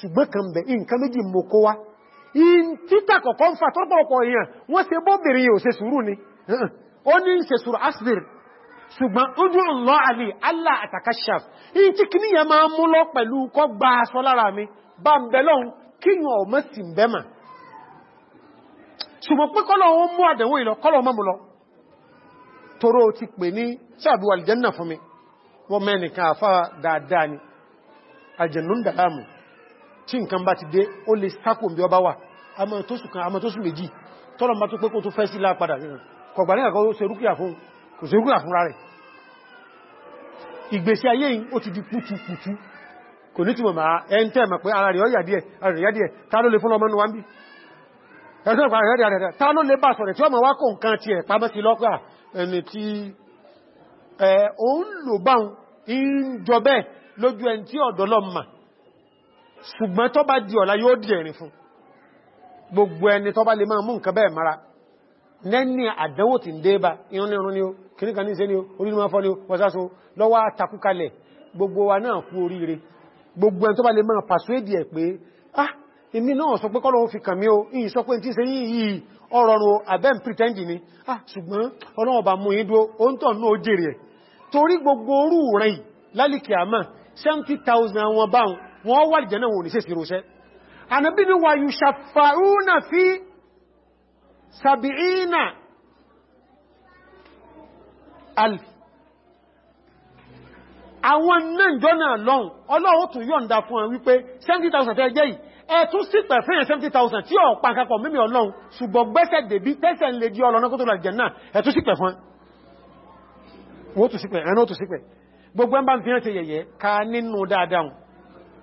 ṣùgbọ́n kan bẹ̀ nǹkan méjì mọ̀ kó wá in títà kọ̀kọ́ ń fà tọ́pọ̀lọpọ̀ èèyàn wọ́n ṣe bọ́bìnrin yóò ṣe sùúrù ni ó ní ṣe sùúrù asbir ṣùgbọ́n ojú Allah àlè Allah àtàkàṣàf in tí kí níyà máa mú lọ pẹ̀lú kọ́ gba aṣọ lára mi bá ń bẹ̀ lọ́hun kí yàn ọmọ sì ń bẹ́mà ṣùgbọ́n pé kọ́lọ̀ wọn mú àdẹ̀wò ìlọ kọ́lọ̀ mọ́ tí nǹkan bá ti dé ó lè sákò bí ọba wà amọ́tósù méjì tọ́lọ̀ bá tó pé kó tó fẹ́ sí lápadà yìí di pútùpútù kò ní túnmọ̀ máa ẹntẹ́ mọ̀ pé ara rẹ̀ yà díẹ̀ ara rẹ̀ yà díẹ̀ ta ló lè fún ọmọ wa ń bí ẹ̀sọ́ ẹni tí ẹ̀ òun lò báun ń lójú ẹni tí ọ̀dọ́lọ́mà ṣùgbọ́n tó bá di ọ̀la yóò di ẹ̀rin fún gbogbo ẹni tó bá lè máa mú nǹkan bẹ́ẹ̀ mara lẹ́ni àdánwò tí ń dé bá irun nírun ni ó kìníkan ní ṣe ni ó orílẹ̀-èdè fọ́ ni ó wọ́sáso lọ́wọ́ àtakúkalẹ̀ gbogbo wa náà kú oríire gbogbo ẹni tó bá lè máa pàṣúédì ẹ̀ pé ah èmi náà sọ pé kọ́lọ̀ fi kàmí o ìyìn sọ pé tí ṣe yìí ọ̀rọ̀rùn abẹ́ ń pretend ni ah ṣùgbọ́n ọlọ́wọ́ bá mú ìdúró ó ń tọ̀ náà jèrè ẹ̀ torí gbogbo orú rẹ̀ lálìkì àmà 70,000 wọn báhùn wọ́n wà lìjẹ̀ náà wọ́n ní sí ìrúṣẹ́ ànábì ní wà yù ṣàfàúnà fi sàbìínà alf àwọn náà jọ náà lọ́n ọlọ́run tún yọ̀ǹda fún wọn wípé 70,000 tẹ́ jẹ́ yìí ẹ̀tún sí pẹ̀fẹ́yàn 70,000 tí ọ̀ pàkàkọ̀ mímí ọlọ́run ṣùgbọ́n gbẹ́sẹ̀ dèbí tẹ́sẹ̀ lè di ọlọ́run kó tó lọ àlùjánnà ẹ̀tún sí pẹ̀fẹ́ wọ́n tún sí pẹ̀ ẹ̀nà ó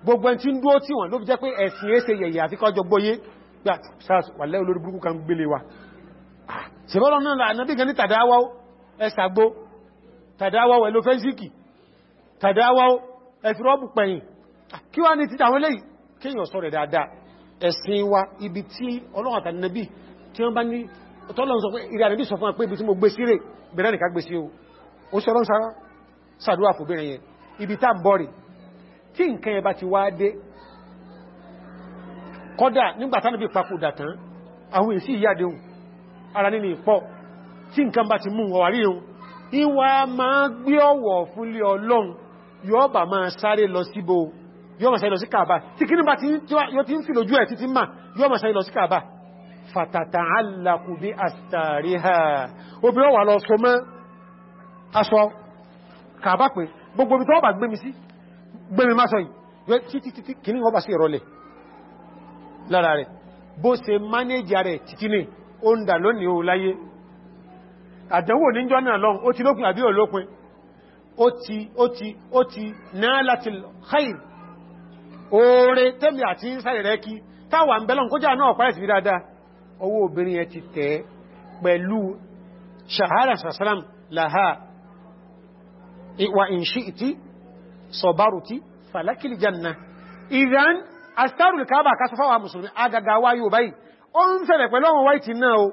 gbogbo ẹn tí ń dúó tí wọ́n ló fi jẹ́ pé ẹ̀sìn ẹsẹ yẹ̀yẹ̀ àti kọjọ gbóyé sars wàlẹ́ olórí burúkú kan gbélé wa ah, ṣèbọ́lọ́ náà ànábì gan ní tàdáwá ẹsàgbó tàdáwá ẹlòfẹ́síkì tàdáwá ẹfìrọ́bù pẹ̀yìn ah, kí wá ní títà àwọn eléyìí kéèyàn sọ rẹ̀ dáadáa ẹ̀sìn wa ibi mo gbé sí rẹ̀ bẹ̀rẹ̀ nìkan gbé sí o ó ṣe ọlọ́run sára sàdúrà fòbìnrin yẹn ibi tá ń tí nǹkan yẹn bá ti wá dé kọ́dà nígbàtá níbi papòdà tán àwọn èsì ìyádéhùn ara nínú ìpọ̀ tí nǹkan bá ti mú ọ̀wàrí ohun ìwà máa gbé ọ̀wọ̀ fúnlé ọlọ́run yóò bà máa sáré lọ síbò yóò máa sáré lọ sí kàbà tí kí nígbà tí yóò ti ń fi lójú ẹ̀ títí mà yóò máa sáré lọ sí kàbà fàtàtà alákùbí àtàrí ha obìnrin wà lọ so mọ́ aṣọ kàbà pé gbogbo ibi tó bà gbé mi sí gbẹ̀mí má sọ yìí títí títí kìíní ọba sí ìrọlẹ̀ lára rẹ̀ bó ṣe mánéjà rẹ̀ títí ní ó ń dà lónìí ó láyé àdánwò níjọ́ náà lọ́n ó ti lópin àbí olópin ó ti ó ti ó ti náà láti khair oore tẹ́mì àti ìsáì rẹ̀ kí táwà ń bẹ́lọ́n kójá náà pàrẹ̀ sí dáadáa ọwọ́ ti tẹ́ pẹ̀lú shahara sàsálàm láha ìwà ìṣí صبرتي فلك الجنة إذن أستار الكعبة كسفا ومسلمين أغاغا وايو باي أم سنة فلو وايتي ناو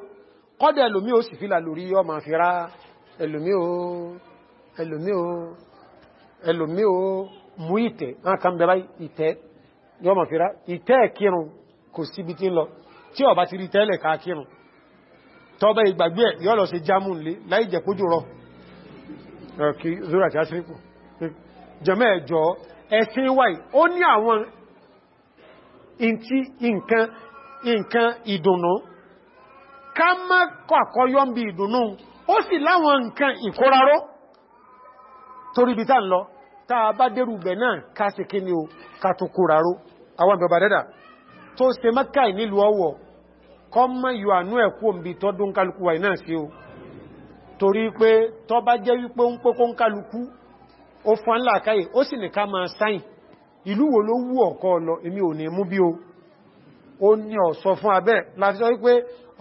قد ألوميو سفيلا لوريو ما فيرا ألوميو ألوميو ألوميو muite wọn kan bẹ̀rẹ̀ ìtẹ́ yọ ma fira ìtẹ́ kírun kò síbi tí ń lọ tí ọba ti rí tẹ́lẹ̀ ká kírun tọ́bẹ̀ ìgbàgbé yọ́ lọ sí jẹmọ́ ẹjọ́ ẹ̀sìn wáyìí ó ní àwọn nǹkan nǹkan ìdùnnú ká má kọ́ àkọ́yọ́ ń bí ìdùnnú ó sì láwọn nǹkan ìkóraró torí bí tá ń lọ tá bá dérù bẹ̀ náà ká sì kí ni o ká tó kóraró àwọn ìbẹ̀bà dẹ́dà tó ṣe mẹ́kà nílùú ọwọ́ kọ́ mọ́ yọ àánú ẹ̀kú òmìbí tọ́dún kálukú wà náà sí o torí pé tọ́ bá jẹ́ wípé ń pé kálukú ó fún ńlá káyè ó sì ní ká máa sáyìn ìlú wo ló wú ọ̀kọ́ lọ èmi ò ní mú bí o ó ní ọ̀sọ fún abẹ́ láti sọ wípé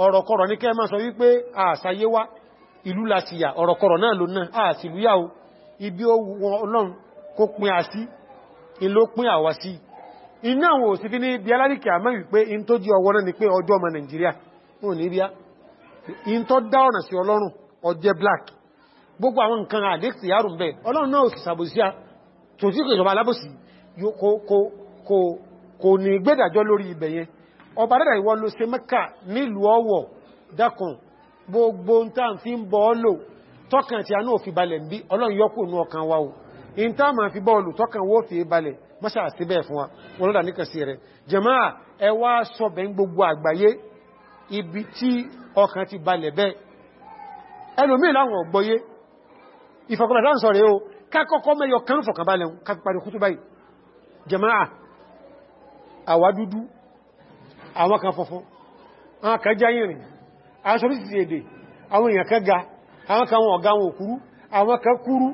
ọ̀rọ̀kọ̀rọ̀ ní ma sọ wípé àṣàyé wá ìlú láṣìyà ọ̀rọ̀kọ̀rọ̀ náà ló náà àṣìlúyà o ibi ó ọlọ́run kó pin ibi wọn gbogbo àwọn nǹkan àdékìtì yàrù ń bẹ ọlọ́run náà sì sàbòsí à tó tí kò ìjọba alábòsí kò ní gbẹ́dàjọ́ lórí ibẹ̀ yẹn ọba dẹ́dà ìwọ ló ṣe mẹ́kà nílùú ọwọ̀ dákùn gbogbo ń tàn fi ń bọ́ lò tọ́kàn tí a náà fi balẹ̀ ń bí ọlọ́run yọ́kù nú ọkàn wa o in tá ma fi bọ́ọ̀lù láwọn ọ̀gbọ́yé ìfọ̀kànlá sọ̀rẹ̀ o kákọ́kọ́ mẹ́yọ kan fọ̀kànbalẹ̀ kápíparí kútù báyìí jẹmáà àwa dúdú àwọn kan fọ́fọ́ àwọn kan jáyìnrìn àwọn sọ sí èdè àwọn èèyàn kan ga àwọn kan wọn ọ̀gá wọn òkúrú àwọn kan kúrú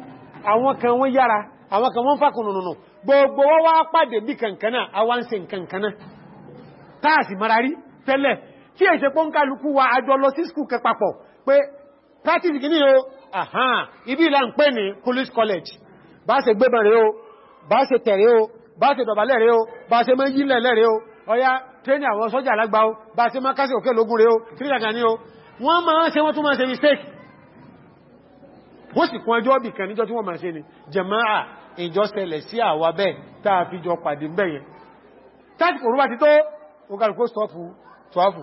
àwọn kan wọ́n yára àwọn kan wọ́n fàkùnnùnù gbogbo wọ́n wá pàdé bí kankaná àwọn ń ṣe kankaná táàsì marari àhán ibi ìlà ń pè ní police college bá ṣe gbébọn rẹ̀ o bá ṣe tẹ̀rẹ̀ o bá ṣe dọ̀bálẹ̀ rẹ̀ o bá ṣe mọ́ yílẹ̀ rẹ̀ o ọya tẹ́ni àwọn sọ́jà alágbà o bá ṣe mọ́ kásì òkè lógún rẹ̀ o kìrìyàgà mistake wọ́n sì kún ẹjọ́ ọbì kan níjọ́ tí wọ́n máa ṣe ni jẹ̀máà ìjọsẹlẹ̀ sí àwa bẹ́ẹ̀ tá a fi jọ pàdé bẹ́yẹn 12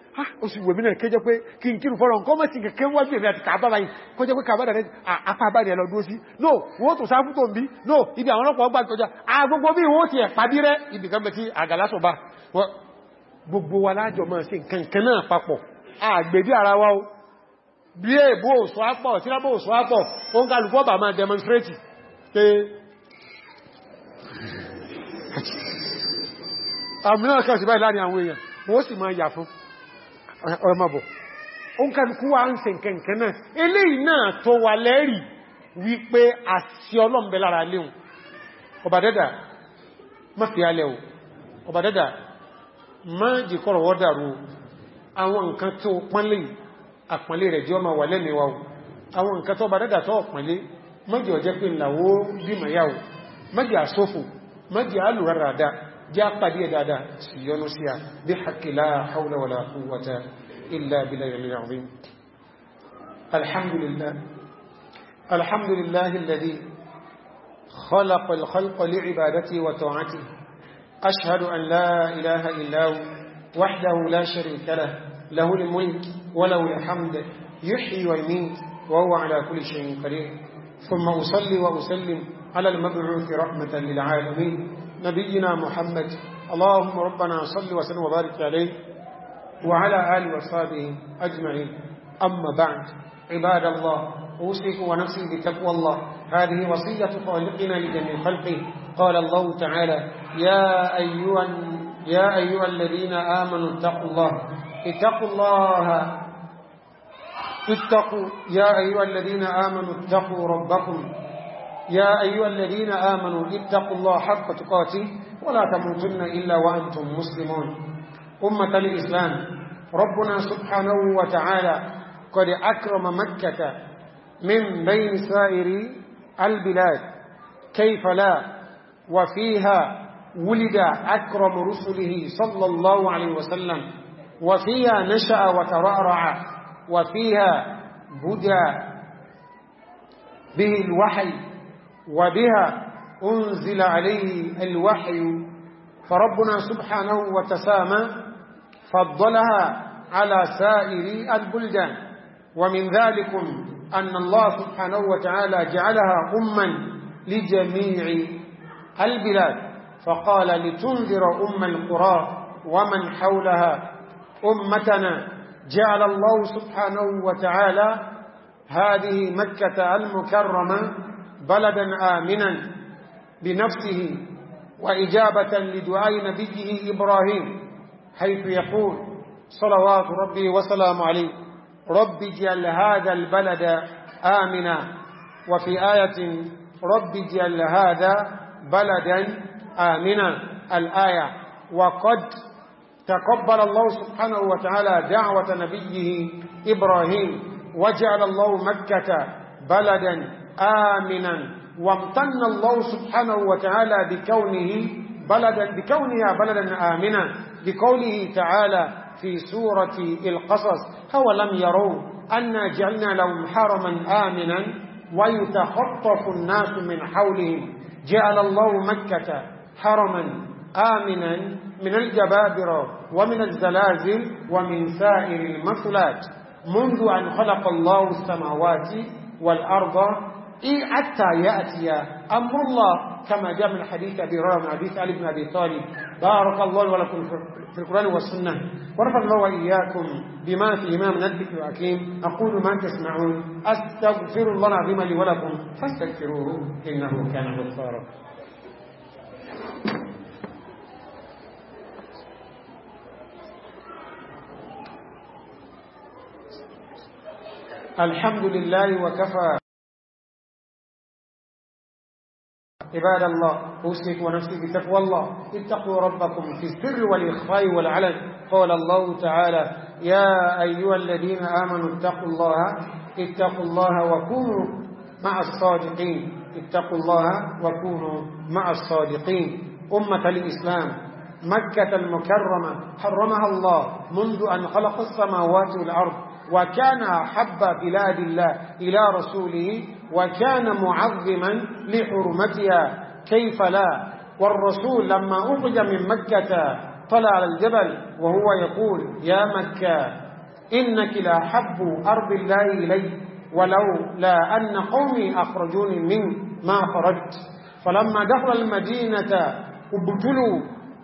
oṣù wèmí náà kéjọ pé kí n kírù fọ́lọ̀ nǹkan mẹ́sì kẹ́kẹ́ wájú èmì àti kàbábà yìí kọjọ pé kàbábà rẹ̀ apábà rẹ̀ lọ dúró sí no wọ́n tó sáfún tó ń bí no ibi àwọn ọlọ́pàá ọgbà tọjá agbogbo bí wọ́n ti ẹ̀pàdí rẹ̀ ibi kan bẹ̀tí àgàlásọ̀bá gbogbo wa lájọ máa ṣe nǹkan kan náà papọ̀ àgbèdí ara wa o bí èbú demonstrate pé àmì náà kẹ́ sí báyìí láàrin àwọn wọ́n sì máa yà fún ọmọbọ̀ o ń kàrùkú wa ń ṣe nkẹ̀kẹ̀ náà eléyìí náà tó wà lẹ́rì wípé àti ọlọ́m̀bẹ̀ lára léhun ọba dẹ́dà má fi alẹ́ o ọba dẹ́dà má jìkọ́rọ̀ wọ́dàrú àwọn nǹkan tó pánlé àpánlé rẹ̀ jẹ́ ọmọ wà lẹ́mẹ́wà o àwọn nǹkan tó ọba dẹ́dà tó ọ̀pánlé já pàdé هذا يونسيا بحق لا حول ولا قوة إلا بالله العظيم الحمد لله الحمد لله الذي خلق الخلق لعبادته وطاعته أشهد أن لا إله إلا هو وحده لا شريك له له الملك وله الحمد يحيي ويميت وهو على كل شيء قدير ثم أصلي وأسلم على المبعوث رحمة للعالمين نبينا محمد اللهم ربنا صل وسلم وبارك عليه وعلى آله وصحبه أجمعين أما بعد عباد الله أوصيك ونفسي بتقوى الله هذه وصية خالقنا لجميع خلقه قال الله تعالى يا أيها يا أيها الذين آمنوا اتقوا الله اتقوا الله اتقوا يا أيها الذين آمنوا اتقوا ربكم يا أيها الذين آمنوا اتقوا الله حق تقاته ولا تموتن إلا وأنتم مسلمون أمة الإسلام ربنا سبحانه وتعالى قد أكرم مكة من بين سائر البلاد كيف لا وفيها ولد أكرم رسله صلى الله عليه وسلم وفيها نشأ وترعرع وفيها بدأ به الوحي وبها أنزل عليه الوحي فربنا سبحانه وتسامى فضلها على سائر البلدان ومن ذلك أن الله سبحانه وتعالى جعلها أما لجميع البلاد فقال لتنذر أم القرى ومن حولها أمتنا جعل الله سبحانه وتعالى هذه مكة المكرمة بلدا آمنا بنفسه وإجابة لدعاء نبيه إبراهيم حيث يقول صلوات ربي وسلام عليه رب اجعل هذا البلد آمنا وفي آية رب اجعل هذا بلدا آمنا الآية وقد تقبل الله سبحانه وتعالى دعوة نبيه إبراهيم وجعل الله مكة بلدا آمنا وامتن الله سبحانه وتعالى بكونه بلدا بكونها بلدا آمنا بقوله تعالى في سورة القصص أولم يروا أنا جعلنا لهم حرما آمنا ويتخطف الناس من حولهم جعل الله مكة حرما آمنا من الجبابرة ومن الزلازل ومن سائر المثلات منذ أن خلق الله السماوات والأرض حتى يأتي أمر الله كما جاء من حديث أبي هريرة من حديث علي بن أبي طالب بارك الله ولكم في القرآن والسنة ورفع الله وإياكم بما في إمام الذكر الحكيم أقول ما تسمعون أستغفر الله العظيم لي ولكم فاستغفروه إنه كان غفارا الحمد لله وكفى عباد الله أوصيك ونفسي بتقوى الله اتقوا ربكم في السر والإخفاء والعلن قال الله تعالى يا أيها الذين آمنوا اتقوا الله اتقوا الله وكونوا مع الصادقين اتقوا الله وكونوا مع الصادقين أمة الإسلام مكة المكرمة حرمها الله منذ أن خلق السماوات والأرض وكان أحب بلاد الله إلى رسوله وكان معظما لحرمتها كيف لا والرسول لما أخرج من مكة طلع على الجبل وهو يقول يا مكة إنك لا حب أرض الله إلي ولو لا أن قومي أخرجوني من ما خرجت فلما دخل المدينة ابتلوا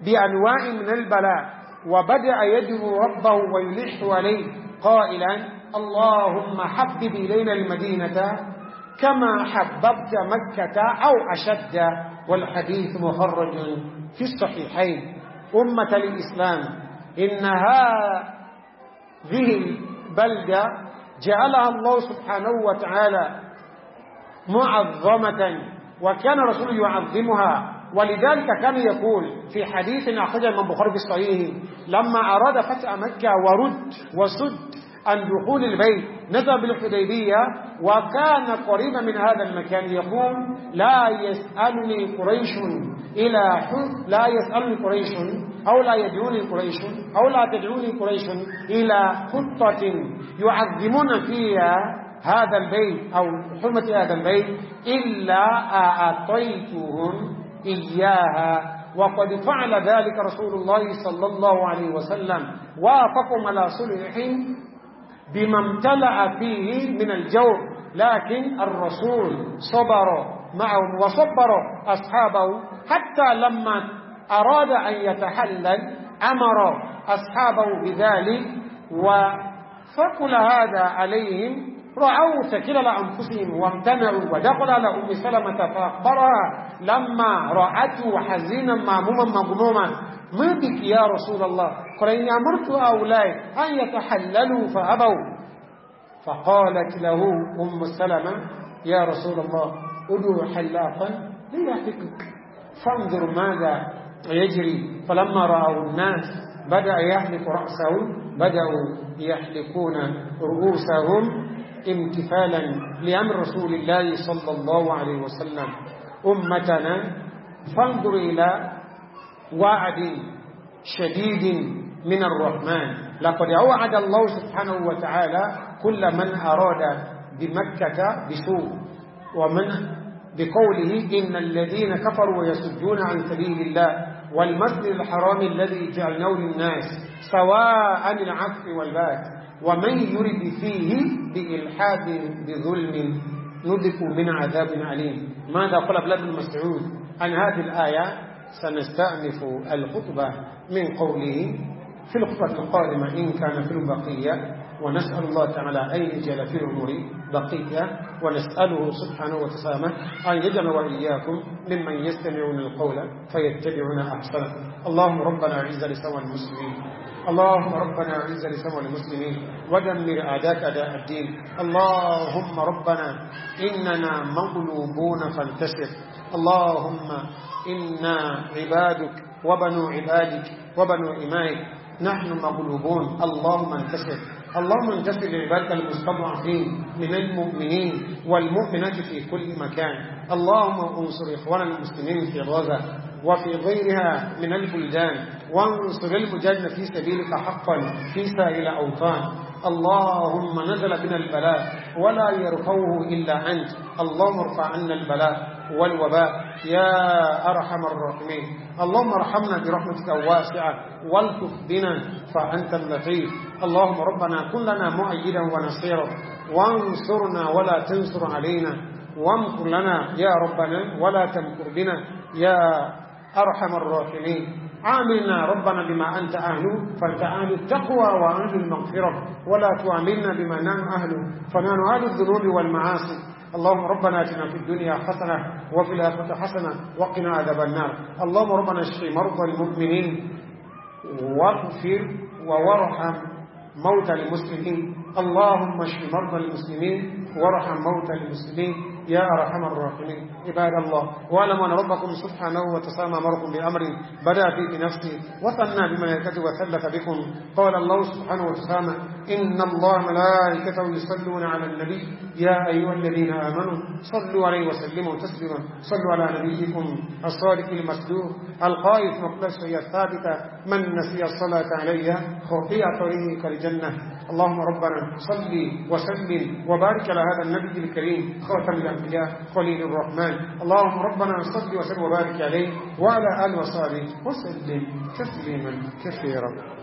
بأنواع من البلاء وبدأ يدعو ربه ويلح عليه قائلا اللهم حبب إلينا المدينة كما حببت مكة أو أشد والحديث مخرج في الصحيحين أمة الإسلام إن هذه البلدة جعلها الله سبحانه وتعالى معظمة وكان رسول يعظمها ولذلك كان يقول في حديث أخرجه من بخاري في الصحيح لما أراد فتح مكة ورد وسد عن دخول البيت نزل بالحديبية وكان قريبا من هذا المكان يقول لا يسألني قريش إلى حسن لا يسألني قريش أو لا يدعوني قريش أو لا تدعوني قريش إلى خطة يعظمون فيها هذا البيت أو حرمة هذا البيت إلا أعطيتهم إياها وقد فعل ذلك رسول الله صلى الله عليه وسلم وافقهم على صلح بما امتلأ فيه من الجوع لكن الرسول صبر معهم وصبر أصحابه حتى لما أراد أن يتحلل أمر أصحابه بذلك وثقل هذا عليهم رعوا سكلل أنفسهم وامتنعوا ودخل على أم سلمة فأخبرها لما رأته حزينا معموما مغموما ما بك يا رسول الله قال إني أمرت أولاي أن يتحللوا فأبوا فقالت له أم سلمة يا رسول الله ادعو حلاقا ليحقك فانظر ماذا يجري فلما رأوا الناس بدأ يحلق رأسهم بدأوا يحلقون رؤوسهم امتثالا لأمر رسول الله صلى الله عليه وسلم أمتنا فانظر إلى وعد شديد من الرحمن لقد أوعد الله سبحانه وتعالى كل من أراد بمكة بسوء ومن بقوله إن الذين كفروا يسجون عن سبيل الله والمسجد الحرام الذي جعلناه للناس سواء العفو والبات ومن يرد فيه بإلحاد بظلم نذق من عذاب عليم ماذا قال ابن المسعود مسعود عن هذه الآية سنستأنف الخطبة من قوله في الخطبة القادمة إن كان في البقية ونسأل الله تعالى أن يجعل في الأمور بقية ونسأله سبحانه وتعالى أن يجعل وإياكم ممن يستمعون القول فيتبعون أحسنه اللهم ربنا أعز لسوى المسلمين اللهم ربنا أعز لسوى المسلمين ودمر أعداك أداء الدين اللهم ربنا إننا مغلوبون فانتصر اللهم إنا عبادك وبنو عبادك وبنو إمائك نحن مغلوبون اللهم انتصر اللهم انتسب لعبادك المستضعفين من المؤمنين والمؤمنات في كل مكان اللهم انصر إخواننا المسلمين في غزة وفي غيرها من البلدان وانصر المجاهدين في سبيلك حقا في سائر أوطان اللهم نزل بنا البلاء ولا يرفعه إلا أنت اللهم ارفع عنا البلاء والوباء يا أرحم الراحمين اللهم ارحمنا برحمتك الواسعة والطف بنا فأنت اللطيف اللهم ربنا كن لنا مؤيدا ونصيرا وانصرنا ولا تنصر علينا وامكر لنا يا ربنا ولا تمكر بنا يا أرحم الراحمين عاملنا ربنا بما أنت أهله فأنت أهل التقوى وأهل المغفرة ولا تعاملنا بما نحن أهله فنحن أهل الذنوب والمعاصي اللهم ربنا اتنا في الدنيا حسنة وفي الآخرة حسنة وقنا عذاب النار اللهم ربنا اشف مرضى المؤمنين واغفر وارحم موتى المسلمين اللهم اشف مرضى المسلمين وارحم موتى المسلمين يا أرحم الراحمين عباد الله وعلم أن ربكم سبحانه وتسامى أمركم بأمر بدأ فيه بنفسه وثنى بما يكتب وثلث بكم قال الله سبحانه وتسامى إن الله ملائكته يصلون على النبي يا أيها الذين آمنوا صلوا عليه وسلموا تسلما صلوا على نبيكم الصادق المسدوح القائف مقدسه الثابتة من نسي الصلاة عليها خطيئة طريقك الجنة اللهم ربنا صلي وسلم وبارك على هذا النبي الكريم خاتم الأنبياء خليل الرحمن اللهم ربنا صل وسلم وبارك عليه وعلى آله وصحبه وسلم تسليما كثيرا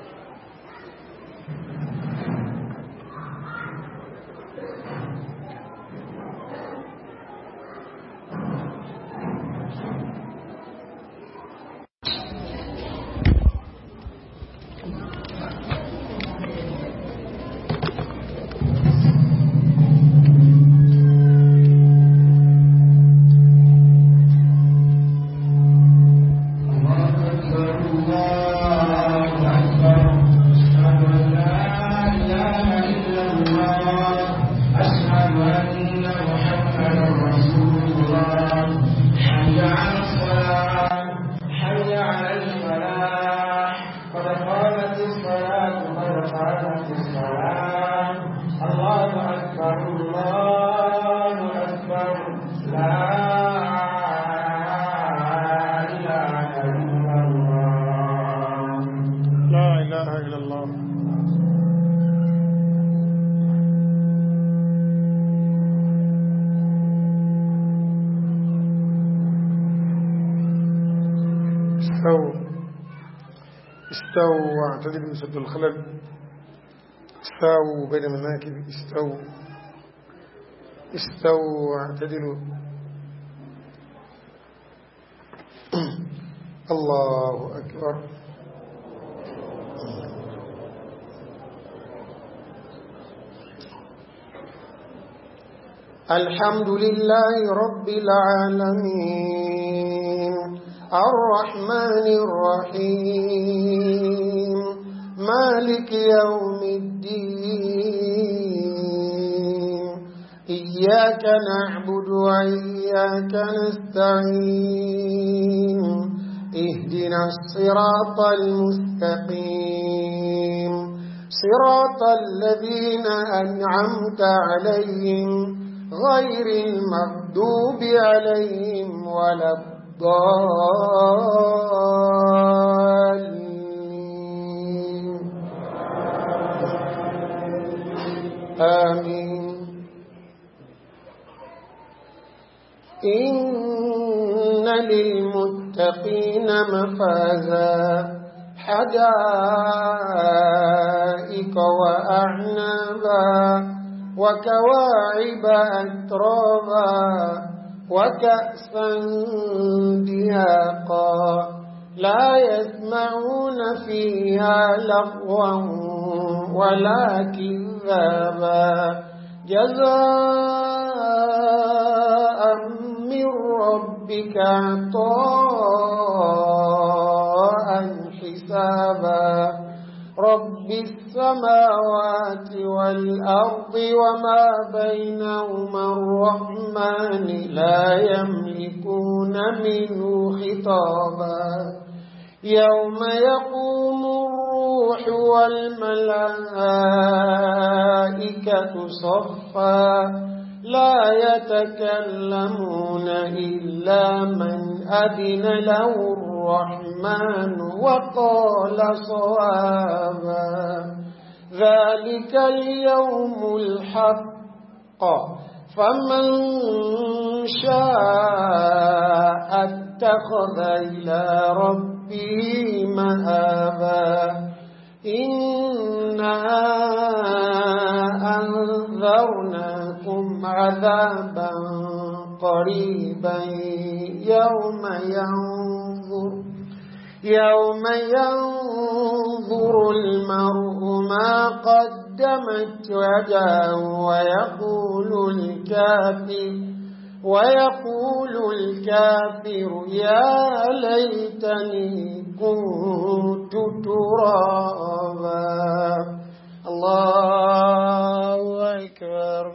استووا واعتدلوا سد الخلل استو بين المناكب استووا استووا واعتدلوا *clears throat* الله أكبر الحمد لله رب العالمين الرحمن الرحيم مالك يوم الدين إياك نعبد وإياك نستعين اهدنا الصراط المستقيم صراط الذين أنعمت عليهم غير المغضوب عليهم ولا الضالين آمين إن للمتقين مفازا حدائق وأعنابا وكواعب أترابا وكأسا دياقا لا يسمعون فيها لغوا ولا كذابا جزاء من ربك عطاء حسابا رب السماوات والأرض وما بينهما الرحمن لا يملكون منه خطابا يوم يقوم الروح والملائكة صفا لا يتكلمون إلا من أذن له الرحمن وقال صوابا ذلك اليوم الحق فمن شاء اتخذ إلى ربه ربي مآبا إنا أنذرناكم عذابا قريبا يوم ينظر يوم ينظر المرء ما قدمت يداه ويقول الكافر ويقول الكافر يا ليتني كنت ترابا الله أكبر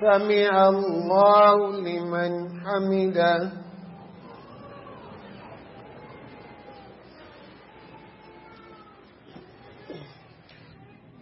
سمع الله لمن حمده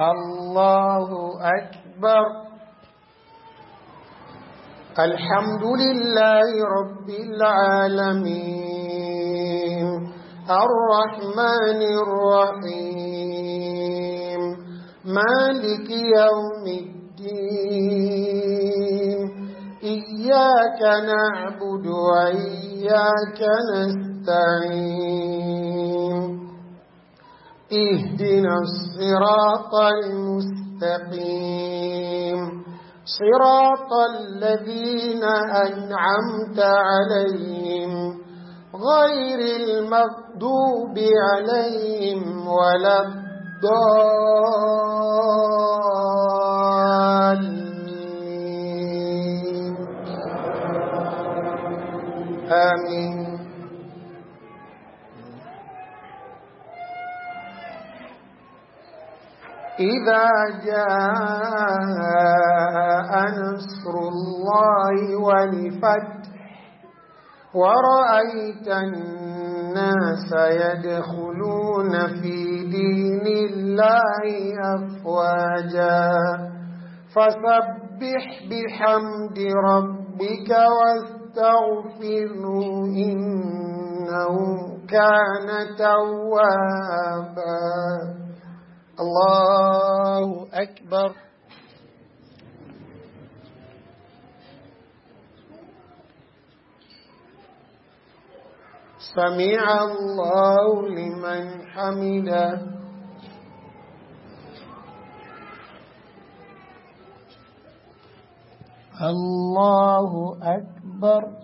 الله أكبر الحمد لله رب العالمين الرحمن الرحيم مالك يوم الدين إياك نعبد وإياك نستعين اهدنا الصراط المستقيم صراط الذين أنعمت عليهم غير المغضوب عليهم ولا الضالين آمين إذا جاء نصر الله والفتح ورأيت الناس يدخلون في دين الله أفواجا فسبح بحمد ربك واستغفره إنه كان توابا الله أكبر سمع الله لمن حمده الله أكبر